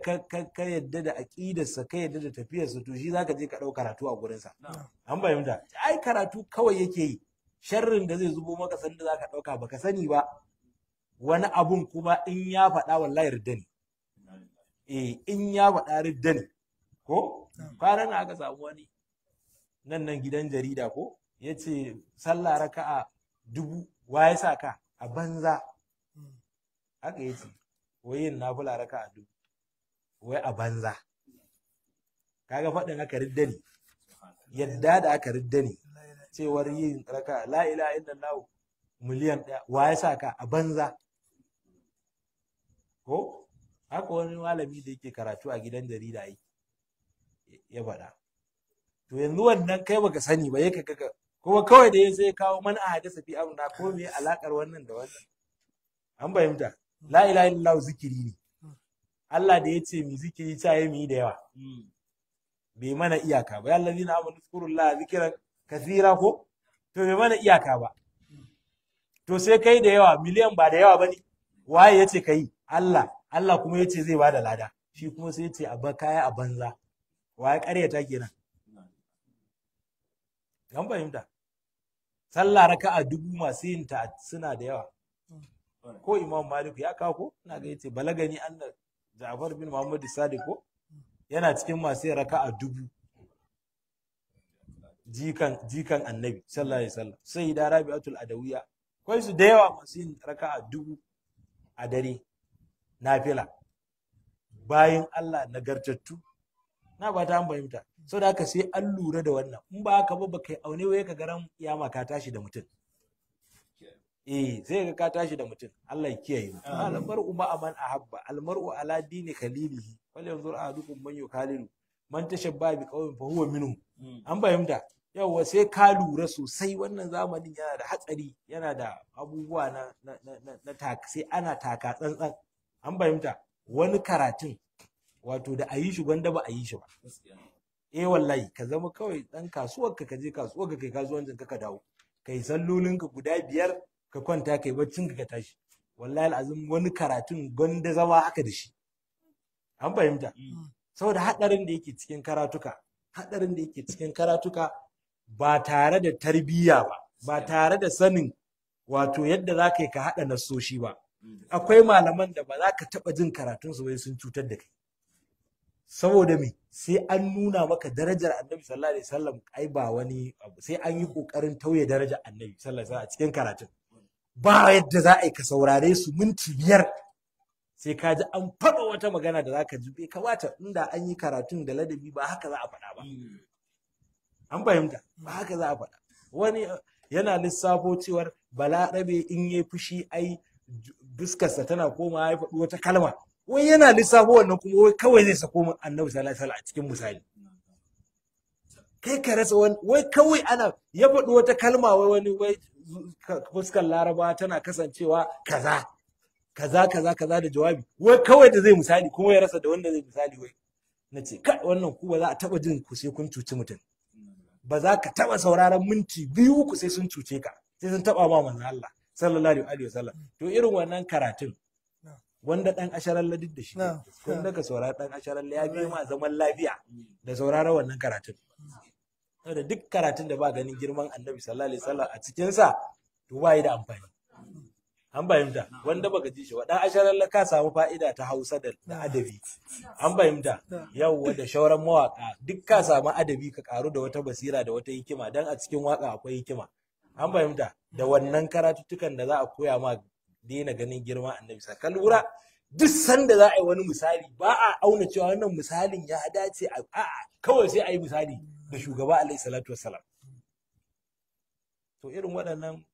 ka yadda da aƙidarsa ka yadda da tafiyarsa to shi za ka je ka ɗau karatu a gurinsa an fahimta ai karatu kawai yake yi sharrin da zai zubo maka sanda za ka ɗauka ba ka sani ba wani abun kuma in ya faɗa wallahi ridda ne eh in ya faɗa ridda ne ko kwanan aka samu wani nan nan gidan jarida ko yace ce sallah raka'a dubu wa ya sa ka a banza haka yace wai yin raka a biyu wai a banza kaga faɗin aka ridda yadda da aka ridda cewar yin raka la ilaha illallah miliyan ɗaya wa ya sa ka a banza ko haka wani malami da yake karatu a gidan jarida yi ya faɗa to yanzu wannan kai baka sani ba yake kaga kuma kawai da ya sai kawo mana a hadisa fi amna ko me alakar wannan da wannan an fahimta la ilaha illallah zikiri ne Allah da ya ce mu zikiri ta yi mu da yawa hmm. bai mana iyaka ba yalla zina amanu zkurullah zikiran kathira ko to bai mana iyaka ba to sai kai da yawa miliyan ba da yawa bane waye yace kai Allah Allah kuma yace zai bada lada shi kuma sai yace a ba kaya a banza waye ƙaryata kenan Yan fahimta sallah raka'a dubu masu yin ta suna da yawa ko imam malik ya kawo ko ina ga yace balagani anna ja'far bin muhammad sadiq yana cikin masu raka'a dubu jikan annabi sallallahu alaihi wasallam sai da rabi'atul adawiya kai su da yawa masu yin raka'a dubu a dare nafila bayan Allah nagartattu na ba ta an fahimta da haka sai an lura da wannan in ba haka ba ba kai aune waye ka garan ya maka tashi da mutum eh zai ga ka tashi da mutum Allah ya kiyaye mu al-mar'u ma aman ahabba al-mar'u ala dini khalilihi wal yanzur ahadukum man yukalilu man tashabba bi qawmin fa huwa minhum hmm. an fahimta yawa sai ka lura sosai wannan zamanin yana da hatsari yana da abubuwa na na ta sai ana taka tsantsan an fahimta wani karatun wato da ayi shi gwanda ba a shi ba eh wallahi ka zama kawai dan kasuwar ka je kasuwar ka kai kasuwancin ka ka dawo kai sallolin guda biyar ka kwanta kai baccin ka tashi wallahi alazim wani karatun gwanda zama aka da shi an fahimta mm. saboda hadarin da yake cikin karatuka hadarin da yake cikin karatuka ba tare da tarbiyya ba ba tare da sanin wato yadda za ka yi ka haɗa nasoshi ba mm. akwai malaman da ba za ka taɓa jin karatunsu bai sun cutar da kai saboda me sai an nuna maka darajar annabi sallallahu alaihi wasallam ai ba wani sai an yi kokarin tauye darajar annabi sallallahu alaihi wasallam a cikin karatun ba yadda za a yi ka saurare su minti biyar sai ka ji an faɗo wata magana da za ka ji bai kawata inda an yi karatun da ladabi ba haka za a faɗa ba an fahimta ba haka za a faɗa wani yana lissafo cewar balarabe in ya fushi ai buskarsa tana komawa ya faɗi wata kalma wai yana lissafo wannan kuma wai kawai zai sako min annabi sallallahu alaihi wasallam a cikin misali kai ka rasa wani wai kawai ana ya faɗi wata kalma wai wani wai fuskar laraba tana kasancewa kaza kaza kaza kaza da jawabi wai kawai da zai misali kuma ya rasa da wanda zai misali wai na ce kai wannan ku ba za a taba jin ku sai kun cuci mutum ba za ka taba sauraron minti biyu ku sai sun cuce ka sai sun taba ma manzo Allah sallallahu alaihi wasallam to irin wannan karatun wanda dan asharar ladid da shi kun daga ka saurara dan asharar ya bi ma zaman lafiya da sauraron wannan karatun saboda duk karatun da ba ganin girman annabi sallallahu alaihi wasallam a cikin sa to ba yi da amfani an fahimta wanda baka ji shi wa dan asharar ka samu fa'ida ta Hausa da adabi an fahimta yawwa da shauran mawaka duk ka samu adabi ka karu da wata basira da wata hikima dan a cikin waka akwai hikima an fahimta da wannan karatuttukan da za a koya ma daina ganin girma, annabi sa ka lura duk sanda za a yi wani misali ba a auna cewa wannan misalin ya dace a'a kawai sai a yi misali da shugaba alaihi salatu wassalam to irin waɗannan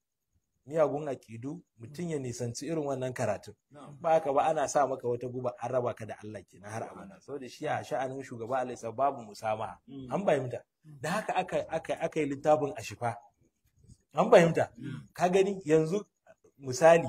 miyagun akidu mutum ya nisanci irin wannan karatun ba haka ba ana sa maka wata guba an raba ka da Allah na har abada da shi a sha'anin shugaba alaihi salatu babu musama mm. an fahimta mm. da haka aka aka yi littafin ashifa an fahimta mm. ka gani yanzu misali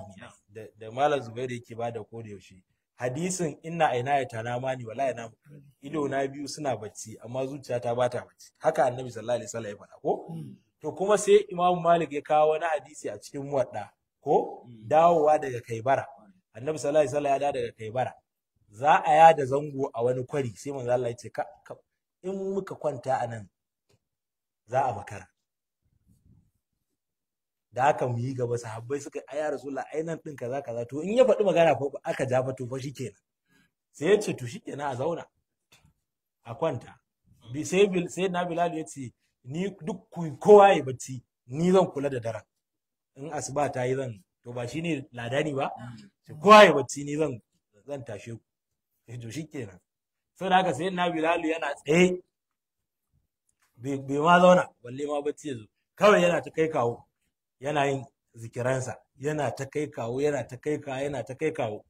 da malam Zubairu yake bada ko da yaushe hadisin inna aina ya tana mani wala namu ido na biyu suna bacci amma zuciya ta bata bacci haka annabi sallallahu alaihi wasallam ya faɗa ko hmm. to kuma sai imamu malik ya kawo wani hadisi a cikin wadda ko hmm. dawowa daga kaibara annabi sallallahu alaihi wasallam ya dawo daga kaibara za a yada zango a wani kwari sai manzo Allah ya ce in muka kwanta anan za a makara da aka mu yi gaba sahabbai suka ai ya rasulullah ai nan din kaza kaza to in ya faɗi magana fa aka ja fa to fa shikenan sai ya ce to shikenan a zauna a kwanta sai sai na bilal ya ce ni duk kowa ya bacci ni zan kula da daren in asuba ta yi zan to ba shine ladani ba mm. kowa ya bacci ni zan zan tashe ku Sai to shikenan sai da haka sai na bilal yana tsaye bai ma zauna balle ma bacci ya zo kawai yana ta kai kawo yana yin zikiransa yana ta kai kawo yana ta kai kawo yana ta kai kawo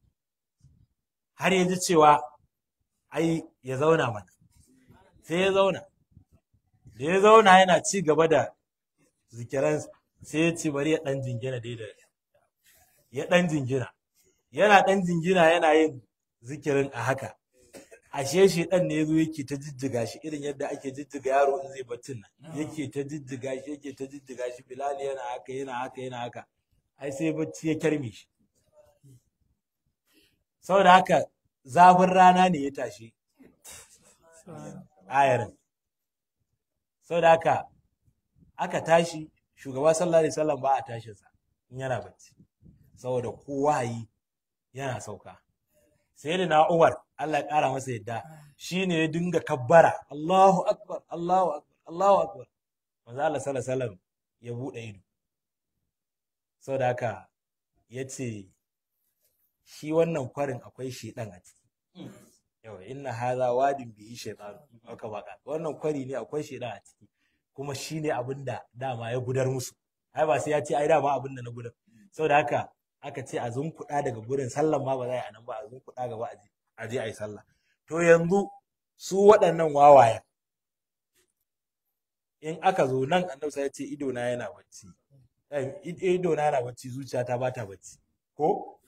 har ya ji cewa ai ya zauna mana sai ya zauna da ya zauna yana ci gaba da zikiransa sai ya ci bari ya dan jingina dai da ya dan jingina yana dan jingina yana yin zikirin a haka ashe shi dan ne yazo yake ta jijjiga shi irin yadda ake jijjiga yaro in zai batun nan yake ta jijjiga shi yake ta jijjiga shi bilal yana haka yana haka yana haka ai sai bacci ya kyarme shi saboda haka zafin rana ne ya tashi ayarin saboda haka aka tashi shugaba sallallahu alaihi wasallam ba a sa in yana bacci saboda kowa yi yana sauka sai da na Umar Allah ya ƙara masa yadda shi ne ya dinga kabbara Allahu akbar Allahu akbar Allahu akbar manzo Allah sallallahu alaihi ya buɗe ido saboda haka yace shi wannan kwarin akwai shedan a ciki yawa inna hadha wadin bihi shaytan aka baka wannan kwari ne akwai shedan a ciki kuma shine abinda da dama ya gudar musu ai ba sai ya ce ai dama abinda na gudar saboda haka aka ce a zunkuɗa daga gurin sallan ma ba za a yi a nan ba a zunkuɗa gaba a je a yi sallah to yanzu su waɗannan wawayen in aka zo nan annabi ya ce ido na yana bacci eh, ido na yana bacci zuciya ta bata bacci ko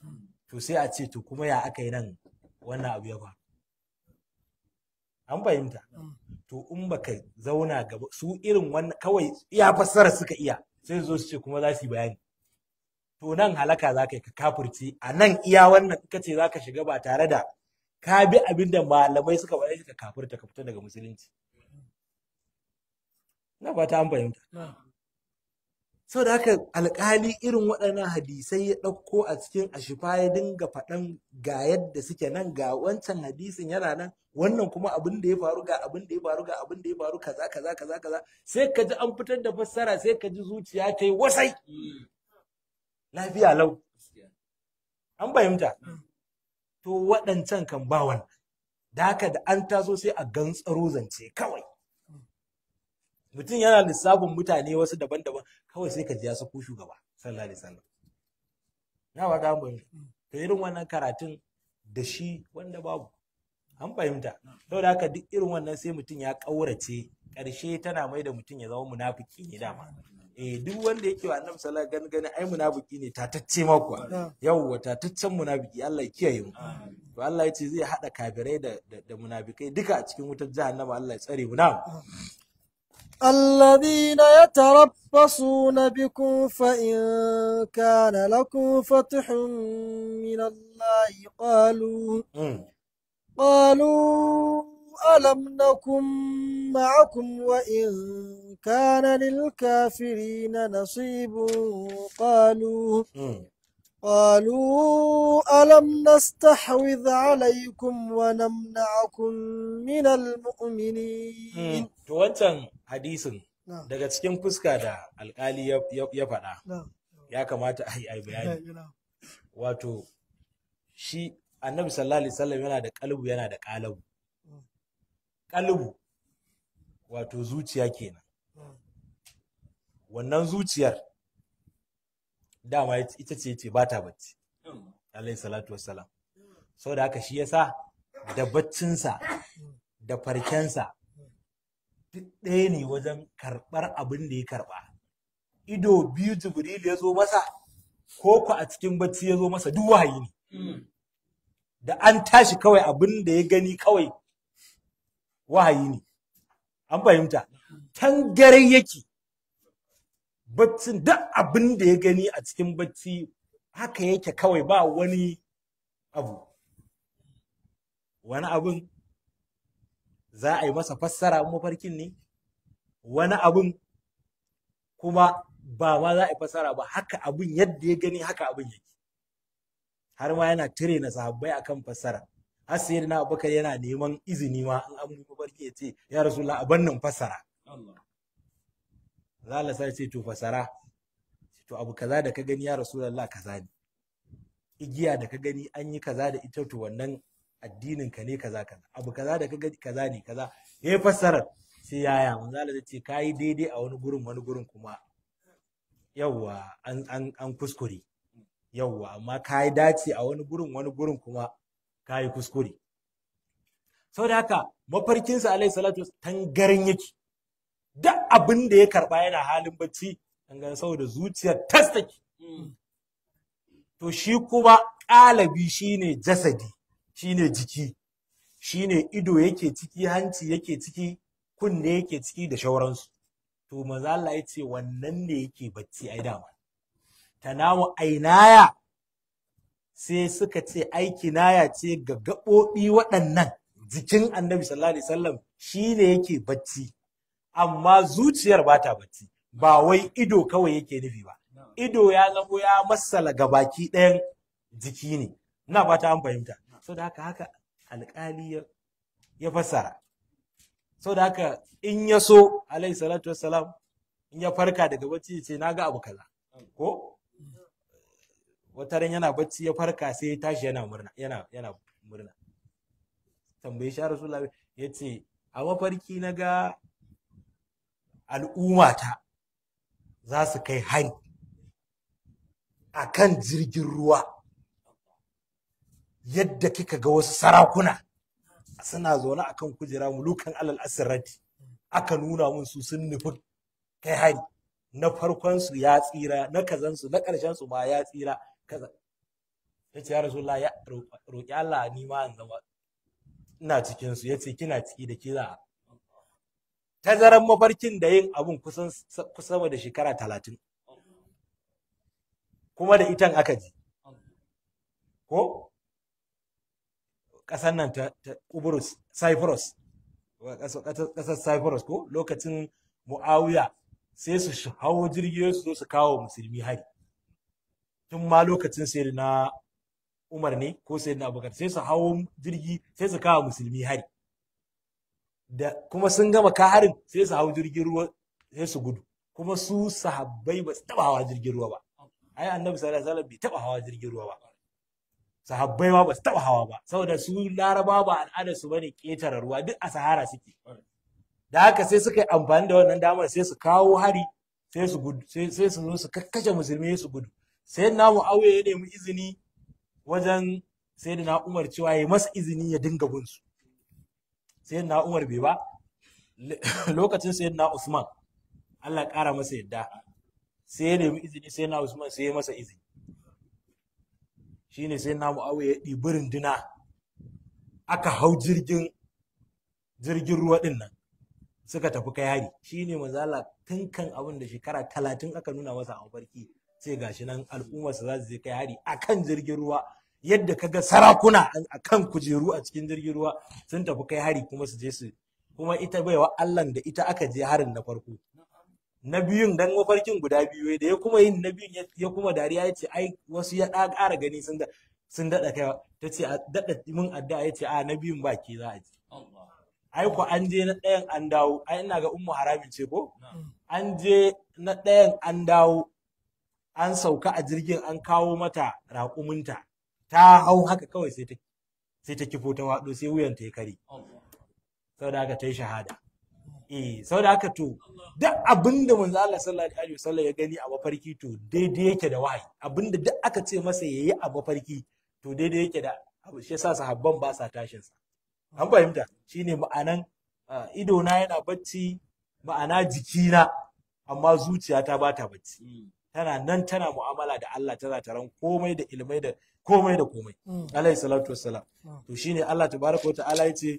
to sai a ce to kuma ya aka yi nan wannan abu ya fa? an fahimta to in baka zauna gaba su irin wannan kawai iya fassara suka iya sai zo su ce kuma za su yi bayani to nan halaka za ka yi ka kafurci, a nan iya wannan ka ce za ka shiga ba tare da ka bi abin da malamai suka faɗa suka kafurta ka fita daga musulunci na ta an fahimta sau da haka alkali irin waɗannan hadisai ya ɗauko a cikin ashifa ya dinga faɗan ga yadda suke nan ga wancan hadisin yana nan wannan kuma abin da ya faru ga abin da ya faru ga abin da ya faru kaza kaza kaza kaza sai ka ji an fitar da fassara sai ka ji zuciya ta yi wasai lafiya lau an fahimta mm. to waɗancan kan ba wannan da haka da an taso sai a tsaro zance kawai mm. mutum yana lissafin mutane wasu daban-daban kawai sai ka ji ya kushu gaba sallallahu alaihi wasallam na ba an mun mm. to irin wannan karatun da shi wanda babu an fahimta saboda haka duk irin wannan sai mutum ya ƙaurace ƙarshe tana mai da mutum ya zama munafiki ne dama eh duk wanda yake wa annabi sallallahu alaihi wasallam gani ai munafiki ne tatacce ma kuwa ah. yawwa tataccen munafiki Allah ya kiyaye mu to Allah ya ce zai hada kafirai da da munafikai duka a cikin wutar jahannama Allah ya tsare mu na'am الذين يتربصون بكم فإن كان لكم فتح من الله قالوا قالوا ألم نكن معكم وإن كان للكافرين نصيب قالوا قالوا ألم نستحوذ عليكم ونمنعكم من المؤمنين توانتان حديث daga cikin fuska da alkali ya faɗa ya kamata a yi bayani wato shi annabi sallallahu alaihi wasallam yana da kalbu yana da kalabu kalbu wato zuciya kenan wannan zuciyar dama ita ce ce ba ta bacci alayhi salatu wassalam sau da haka shi yasa da baccinsa da farkensa duk ɗaya ne wajen karɓar abin da ya karɓa ido biyu jibril ya zo masa ko ku a cikin bacci ya zo masa duk wahayi ne da an tashi kawai abin da ya gani kawai wahayi ne an fahimta tangare yake baccin duk abin da ya gani a cikin bacci haka yake kawai ba wani abu wani abin za a yi masa fassara mafarkin ne wani abin kuma ba ma za a yi fassara ba haka abin yadda ya gani haka abin yake har ma yana tire na sahabbai akan fassara har sai na abubakar yana neman izini ma in an barke ya ce ya rasulullah a bannin fasara Allah sai ce to fasara to abu kaza da ka gani ya rasulullah kaza ne igiya da ka gani an yi kaza da ita to wannan addinin ka ne kaza kaza abu kaza da ka gani kaza ne kaza eh fasara'! sai yaya mun Allah zai ce kai daidai a wani gurin wani gurin kuma yawwa an an an kuskure yawwa amma kai dace a wani gurin wani gurin kuma ta yi kuskure Sau da haka mafarkinsa alaihi salatu tangarin yake duk abin da ya karɓa yana halin bacci dangane saboda zuciyar tas to shi kuma ƙalabi shine jasadi shine jiki shine ido yake ciki hanci yake ciki kunne yake ciki da shauransu to maza Allah ya ce wannan ne yake bacci ai dama tanamu ainaya sai suka ce na ya ce ga gaɓoɓi waɗannan jikin annabi sallallahu alaihi wasallam ne yake bacci amma zuciyar ba ta bacci ba wai ido kawai yake nufi ba ido ya zamo ya matsala ga baki ɗayan jiki ne ina fata an fahimta so da haka haka alƙali ya fassara so da haka in ya so alaihi salatu wassalam in ya farka daga bacci ya ce na ga abu kaza ko wata ran yana bacci ya farka sai ya tashi yana murna yana yana murna tambaye shi rasulullahi yace a mafarki na ga al'ummata za su kai hari a kan jirgin ruwa yadda kika ga wasu sarakuna suna zaune a kan kujera mulukan alal asirati aka nuna mun su sun nufi kai hari na farkonsu ya tsira na kazansu na ƙarshensu ma ya tsira kaza ta ce ya rasu, ya roƙi Allah ni ma in zama ina cikin su yace kina ciki da kiza tazaran mafarkin da yin abun kusan kusan da shekara talatin kuma da itan aka ji ko ƙasar nan ta Kubrus Cyprus ƙasar Cyprus ko lokacin Muawiya sai su hawo jirgin su su kawo musulmi hari tun ma lokacin sai na Umar ne ko sai na Abubakar sai su hawo jirgi sai su kawo musulmi hari da kuma sun gama ka harin sai su hawo jirgin ruwa sai su gudu kuma su sahabbai ba su taba hawa jirgin ruwa ba ai annabi sallallahu alaihi wasallam bai taba hawa jirgin ruwa ba sahabbai ma ba su taba hawa ba saboda su laraba ba al'adar su bane ketare ruwa duk a sahara suke da haka sai suka yi amfani da wannan damar sai su kawo hari sai su gudu sai su zo su kakkashe musulmi su gudu sayyidina muawiya ya nemi izini wajen sayyidina umar cewa ya masa izini ya dinga bin su sayyidina umar bai ba lokacin sayyidina usman Allah ƙara masa yadda sai ya nemi izini sai na usman sai ya masa izini shine sai na muawiya ya birin runduna aka hau jirgin jirgin ruwa ɗin nan suka tafi kai hari shine mazala tun kan abin da shekara talatin aka nuna masa a farki. sai shi nan al'ummarsa za su je kai hari a kan jirgin ruwa yadda ka ga sarakuna a kan kujeru a cikin jirgin ruwa sun tafi kai hari kuma su je su kuma ita baiwa Allah da ita aka je harin na farko na biyun dan mafarkin guda biyu da ya kuma yin na biyun ya kuma dariya ya ce ai wasu ya da ƙara gani sun da sun daɗa kai ta ce a daɗa mun addu'a ya ce a na biyun ba ke za a ji ai ko an je na ɗayan an dawo ai ina ga ummu haramin ce ko an je na ɗayan an dawo an sauka a jirgin an kawo mata raƙuminta ta hau haka kawai sai ta kifo ta waɗo sai ta ya kare sau da aka ta yi shahada eh sau da aka to duk abin da manzo Allah sallallahu alaihi wasallam ya gani a mafarki to daidai yake da wahayi abin da duk aka ce masa ya yi a mafarki to daidai yake da abu shi yasa sahabban ba sa tashin sa an fahimta shine ma'anan ido yana bacci ma'ana jikina amma zuciyata ba ta bacci tana nan tana mu'amala da Allah tana taron komai da ilmai da komai da komai mm. alaihi salatu wassalam mm. to shine Allah tabaraka wa ta'ala yace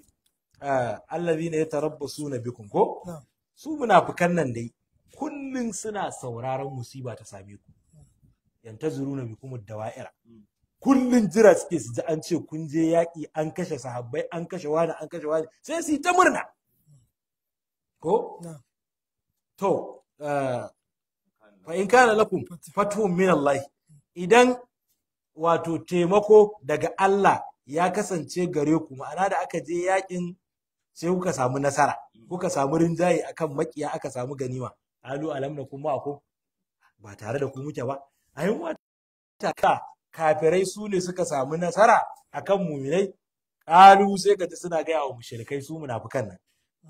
ah, allazina yatarabbasuna bikum ko mm. su munafikan nan dai kullun suna sauraron musiba ta same ku yantazuruna bikum dawa'ira kullun jira suke su ji an ce kun je yaƙi an kashe sahabbai an kashe wani an kashe wani sai su yi ta murna ko to ah, fa in kana lakum fatuhun min Allah idan wato taimako daga Allah ya kasance gare ku ma'ana da aka je yakin sai kuka samu nasara kuka samu rinjaye akan makiya aka samu ganima alu alam na kuma ko ba tare da ku muke ba ayin wata ka kafirai su ne suka samu nasara akan muminai kalu sai ka ji suna gaya wa mushrikai su munafikan nan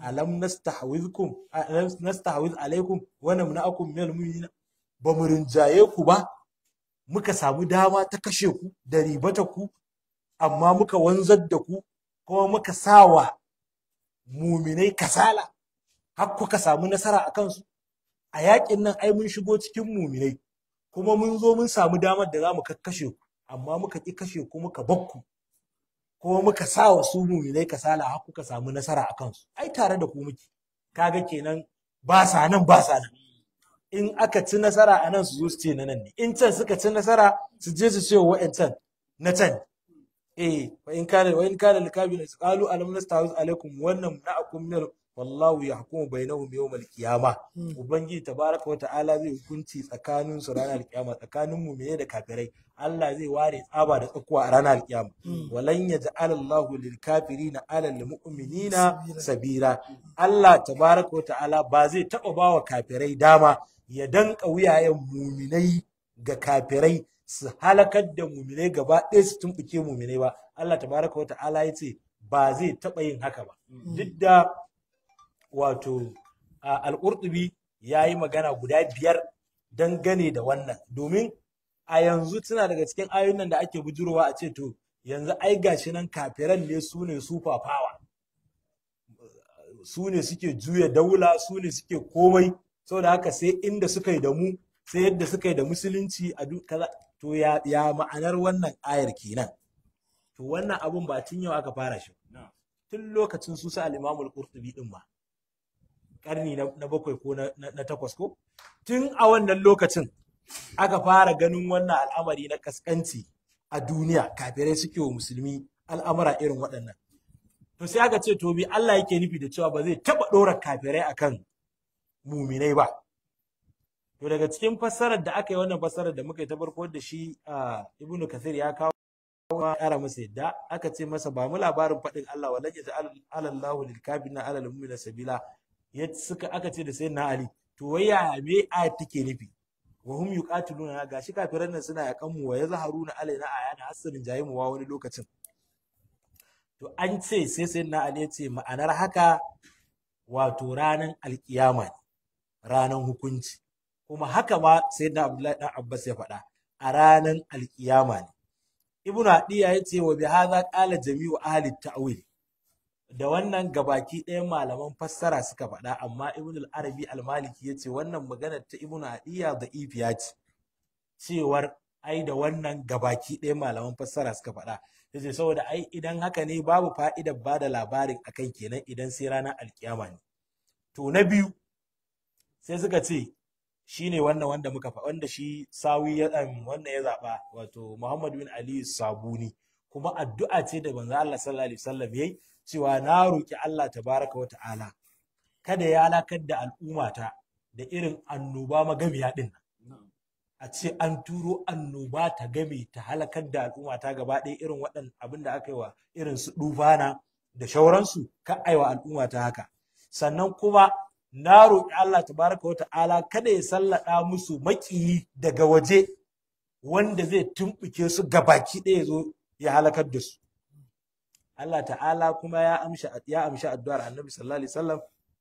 alam nastahwizkum alam nastahwiz alaikum wa namna'akum minal muminin ba mu rinjaye ku ba muka samu dama ta kashe ku da ribata ku amma muka wanzar da ku kuma muka sawa muminai kasala har kuka samu nasara a kansu a yakin nan ai mun shigo cikin muminai kuma mun zo mun samu damar da za mu kakkashe ku amma muka ƙi kashe ku muka bakku kuma muka sa wa su muminai kasala har kuka samu nasara a kansu ai tare da ku muke kaga kenan ba sa nan ba sa nan in aka ci nasara a nan su zo su ce na nan ne in can suka ci nasara su je su ce wa can na can eh wa in kana wa in kana likabi na qalu alam nastahuz alaikum wannan akum min wallahu yahkumu bainahum yawm alqiyama hmm. ubangiji tabaraka wa ta'ala zai hukunci tsakanin su ranar alqiyama tsakanin tsakanin mu'mini da kafirai Allah zai ware tsaba da tsakuwa a ranar alqiyama hmm. walan yaj'al Allahu lil 'ala al-mu'minina sabira Allah tabaraka wa ta'ala ba zai taba bawa kafirai dama ya danka wuyayen muminai ga kafirai su halakar da muminai gaba ɗaya su tumɓuke muminai ba Allah tabaraka wa ta'ala ya ce ba zai taɓa yin haka ba mm. duk da wato al'urɗubi ya yi magana guda biyar dangane da wannan domin a yanzu tana daga cikin ayoyin da ake bujurowa a ce to yanzu ai gashi nan kafiran ne su ne super power su ne suke juya daula su ne suke komai da haka sai inda suka yi da mu sai yadda suka yi da musulunci a duk kaza to ya, ma'anar wannan ayar kenan to wannan abun ba tun yau aka fara shi tun lokacin su sa al-imamul qurtubi din ma karni na, bakwai ko na, takwas ko tun a wannan lokacin aka fara ganin wannan al'amari na kaskanci a duniya kafirai suke wa musulmi al'amura irin waɗannan to sai aka ce to bi Allah yake nufi da cewa ba zai taba ɗora kafirai akan muminai ba to daga cikin fassarar da aka yi wannan fassarar da muka yi ta farko da shi ibnu kathir ya kawo ƙara masa yadda aka ce masa ba mu labarin faɗin Allah walan yaj'al alallahu lil na alal mu'mina sabila ya suka aka ce da na ali to wai ya me ayat take nufi wa hum yuqatiluna gashi kafin nan suna ya mu wa yazharuna alaina ayana asarin jayi mu wa wani lokacin to an ce sai na ali ya ce ma'anar haka wato ranar alkiyama ne ranar hukunci kuma haka ma sai na abdullahi dan abbas ya faɗa a ranar alkiyama ne ibnu hadiya ya ce wa bi hadha qala jami'u ahli ta'wil da wannan gabaki ɗayan malaman fassara suka faɗa amma Ibnu al-arabi al-maliki ya ce wannan maganar ta Ibnu hadiya da ifiya ce cewar ai da wannan gabaki ɗayan malaman fassara suka faɗa ya saboda ai idan haka ne babu fa'idar ba da labarin akai kenan idan sai ranar alkiyama ne to na biyu sai suka ce shi ne wannan wanda muka fa wanda shi sawi ya wannan ya zaɓa wato Muhammad bin Ali Sabuni kuma addu'a ce da banza Allah sallallahu alaihi wasallam yayi cewa na roki Allah ta baraka wa ta'ala kada ya halakar da al'ummata da irin annoba magamiya din a ce an turo annoba ta gami ta halakar da al'ummata gaba ɗaya irin waɗan abin da aka yi wa irin su dufana da shauransu ka aiwa al'umma haka sannan kuma na roƙi Allah tabaraka wa ta'ala kada ya sallada musu makiyi daga waje wanda zai tumbuke su ga baki ɗaya zo ya halakar da su Allah ta'ala kuma ya amshi ya addu'ar Annabi sallallahu alaihi wasallam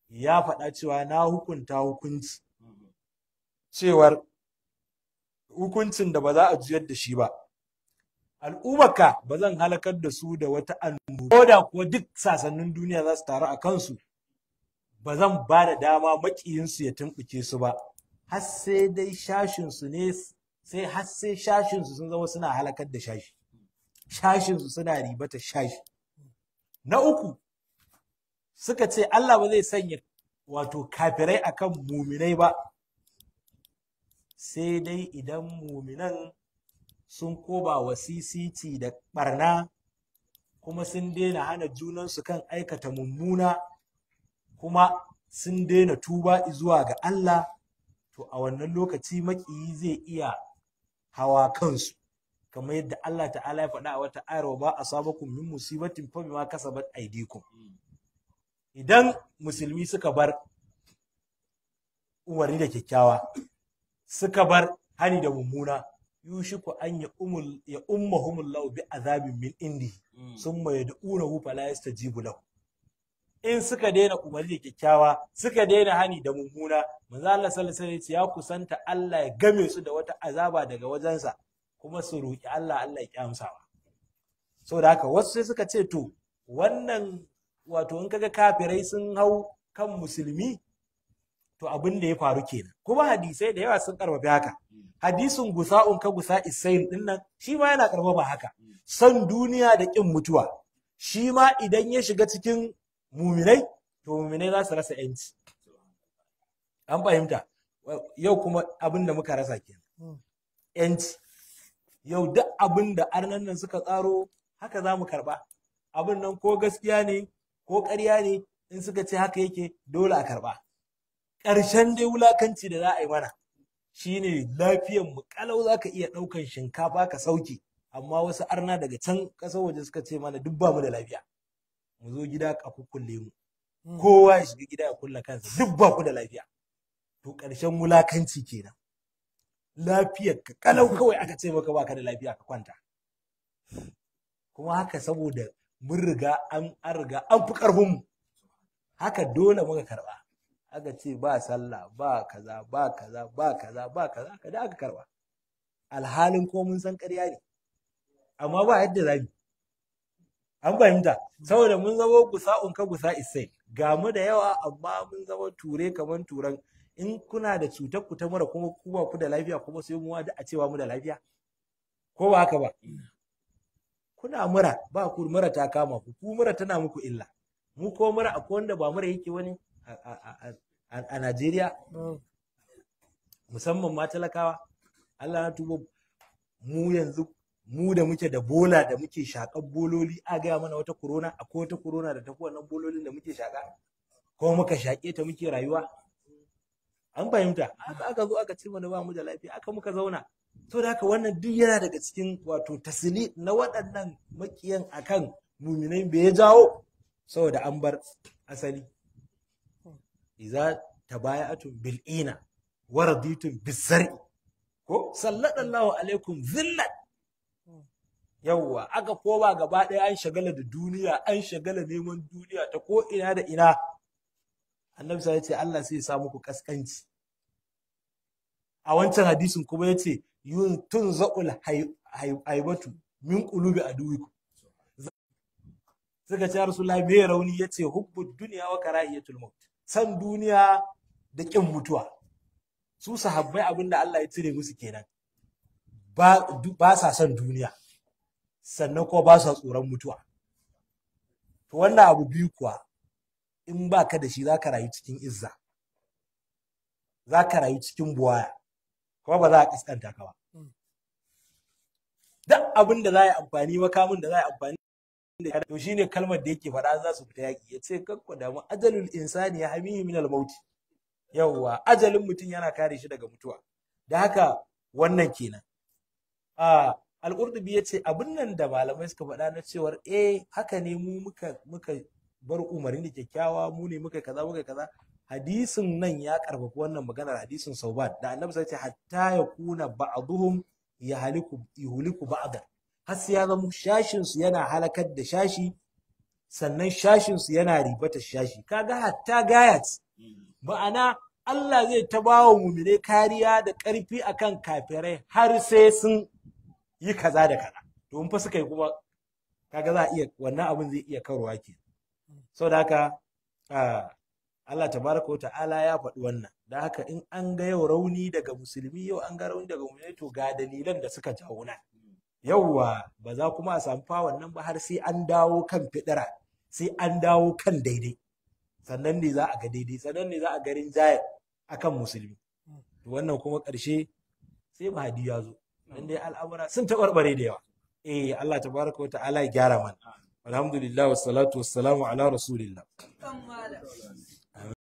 ya faɗa cewa na hukunta hukunci cewar hukuncin da ba za a juyar da shi ba al'ummaka ba zan halakar da su da wata annoba ko da kuwa duk sasannin duniya za su taru a kansu ba zan ba da dama maƙiyinsu ya tumɓuke su ba har sai dai shashinsu ne sai har sai shashinsu sun zama suna halakar da shashi shashinsu suna ribata shashi na uku suka ce Allah ba zai sanya wato kafirai akan muminai ba sai dai idan muminan sun koba wa CCT da barna kuma sun daina hana junansu kan aikata mummuna kuma sun daina tuba zuwa ga Allah to a wannan lokaci makiyi zai iya hawa kansu kamar yadda Allah ta'ala ya faɗa a wata ayar wa ba asabakum min musibatin fa bima kasabat aydikum idan musulmi suka bar umarni da kyakkyawa suka bar hani da mummuna yushiku an ya umul ya ummahumullahu bi azabin min indi mm. summa yad'unahu fala yastajibu lahu in suka daina umarni da kyakkyawa suka daina hani da mummuna manzo Allah sallallahu alaihi wasallam ya kusanta Allah ya game su da wata azaba daga wajensa kuma su roki Allah Allah ya kyamsawa so da haka wasu sai suka ce to wannan wato in kaga kafirai sun hau kan musulmi to abin da ya faru kenan kuma hadisai da yawa sun karbabi haka hadisin gusa'un ka gusa isail din nan shi ma yana karbaba haka san duniya da kin mutuwa shi ma idan ya shiga cikin muminai to muminai za su rasa yanci an fahimta yau kuma abin da muka rasa kenan yanci hmm. yau duk abin da arnan nan suka tsaro haka za mu karba abin nan ko gaskiya ne ko ƙarya ne in suka ce haka yake dole a karba ƙarshen dai wulakanci da za a yi mana shine lafiyan mu kalau za ka iya ɗaukan shinkafa ka sauke amma wasu arna daga can ƙasar waje suka ce mana duk ba mu da lafiya mu zo gida a kukkulle mu mm. kowa ya shiga gida ya kulla kansa duk ba ku da lafiya to karshen mulakanci kenan lafiyar ka kalau kawai aka ce maka baka da lafiya ka kwanta kuma haka saboda mun riga an riga an fi karfin mu haka dole muka karba aka ce ba sallah ba kaza ba kaza ba kaza ba kaza da aka karba alhalin ko mun san ƙarya ne amma ba yadda zamu an fahimta saboda mun zama gusa ka gusa isai ga mu da yawa amma mun zama ture kamar turan in kuna da cutar ku ta mura kuma kuma ku da lafiya kuma sai mu da a cewa mu da lafiya ko ba haka ba kuna mura ba ku mura ta kama ku ku mura tana muku illa mu ko mura akwai wanda ba mura yake wani a Najeriya mm. musamman ma talakawa Allah na tuba mu yanzu mu da muke da bola da muke shakan bololi a gaya mana wata corona akwai wata corona da tafi wannan bololin da muke shaka ko muka shaƙe ta muke rayuwa an fahimta aka zo aka ce mana ba mu da lafiya aka muka zauna to da haka wannan duk yana daga cikin wato tasili na waɗannan makiyan akan muminai bai jawo saboda an bar asali iza tabaya'atun bil'ina wa bisar'i ko sallallahu alaikum zillat yawwa aka koma gaba ɗaya an shagala da duniya an shagala neman duniya ta ko ina da ina annabi sai ya ce Allah sai ya sa muku kaskanci a wancan hadisin kuma yace ce yun tun za'ul haibatu min qulubi aduwikum suka ce rasulullahi mai rauni yace ce hubbud duniya wa karahiyatul maut san duniya da kin mutuwa su sahabbai abinda Allah ya cire musu kenan ba ba sa son duniya sannan kuma ba sa tsoron mutuwa to wannan abu biyu kuwa in ba ka da shi za ka rayu cikin izza za ka rayu cikin buwaya kuma ba za a kaskanta ka ba hmm. duk abin da za a yi amfani makamin da za a yi amfani to shine kalmar da yake faɗa za su fita yaƙi ya ce da mu ajalul insani ya hamihi minal mauti yawwa ajalin mutum yana kare shi daga mutuwa da haka wannan kenan a ah, al ya ce, abin nan da malamai suka faɗa na cewar eh haka ne mu muka muka bar umarni da kyakkyawa mu ne muka kaza muka kaza hadisin nan ya karfafi wannan maganar hadisin sauban da annabi sai ce hatta ya kuna ba'duhum ya haliku yuhliku ba'da har sai ya zama shashin su yana halakar da shashi sannan shashin su yana ribata shashi kaga hatta gayat ma'ana Allah zai ta wa mumine kariya da ƙarfi akan kafirai har sai sun yi kaza da kaza to in fa suka yi kuma kaga za a iya wannan abin zai iya karowa ke so da haka Allah tabaraka ta'ala ya faɗi wannan da haka in an ga yau rauni daga musulmi yau an ga rauni daga musulmi to ga dalilan da suka jawo nan yauwa ba za kuma a samu fa wannan ba har sai an dawo kan fidira sai an dawo kan daidai sannan ne za a ga daidai sannan ne za a garin jaya akan musulmi wannan kuma ƙarshe sai mahadi ya zo dan dai al'amura sun taɓarɓare da yawa eh Allah tabaraka wa ta'ala ya gyara mana alhamdulillah wassalatu wassalamu ala rasulillah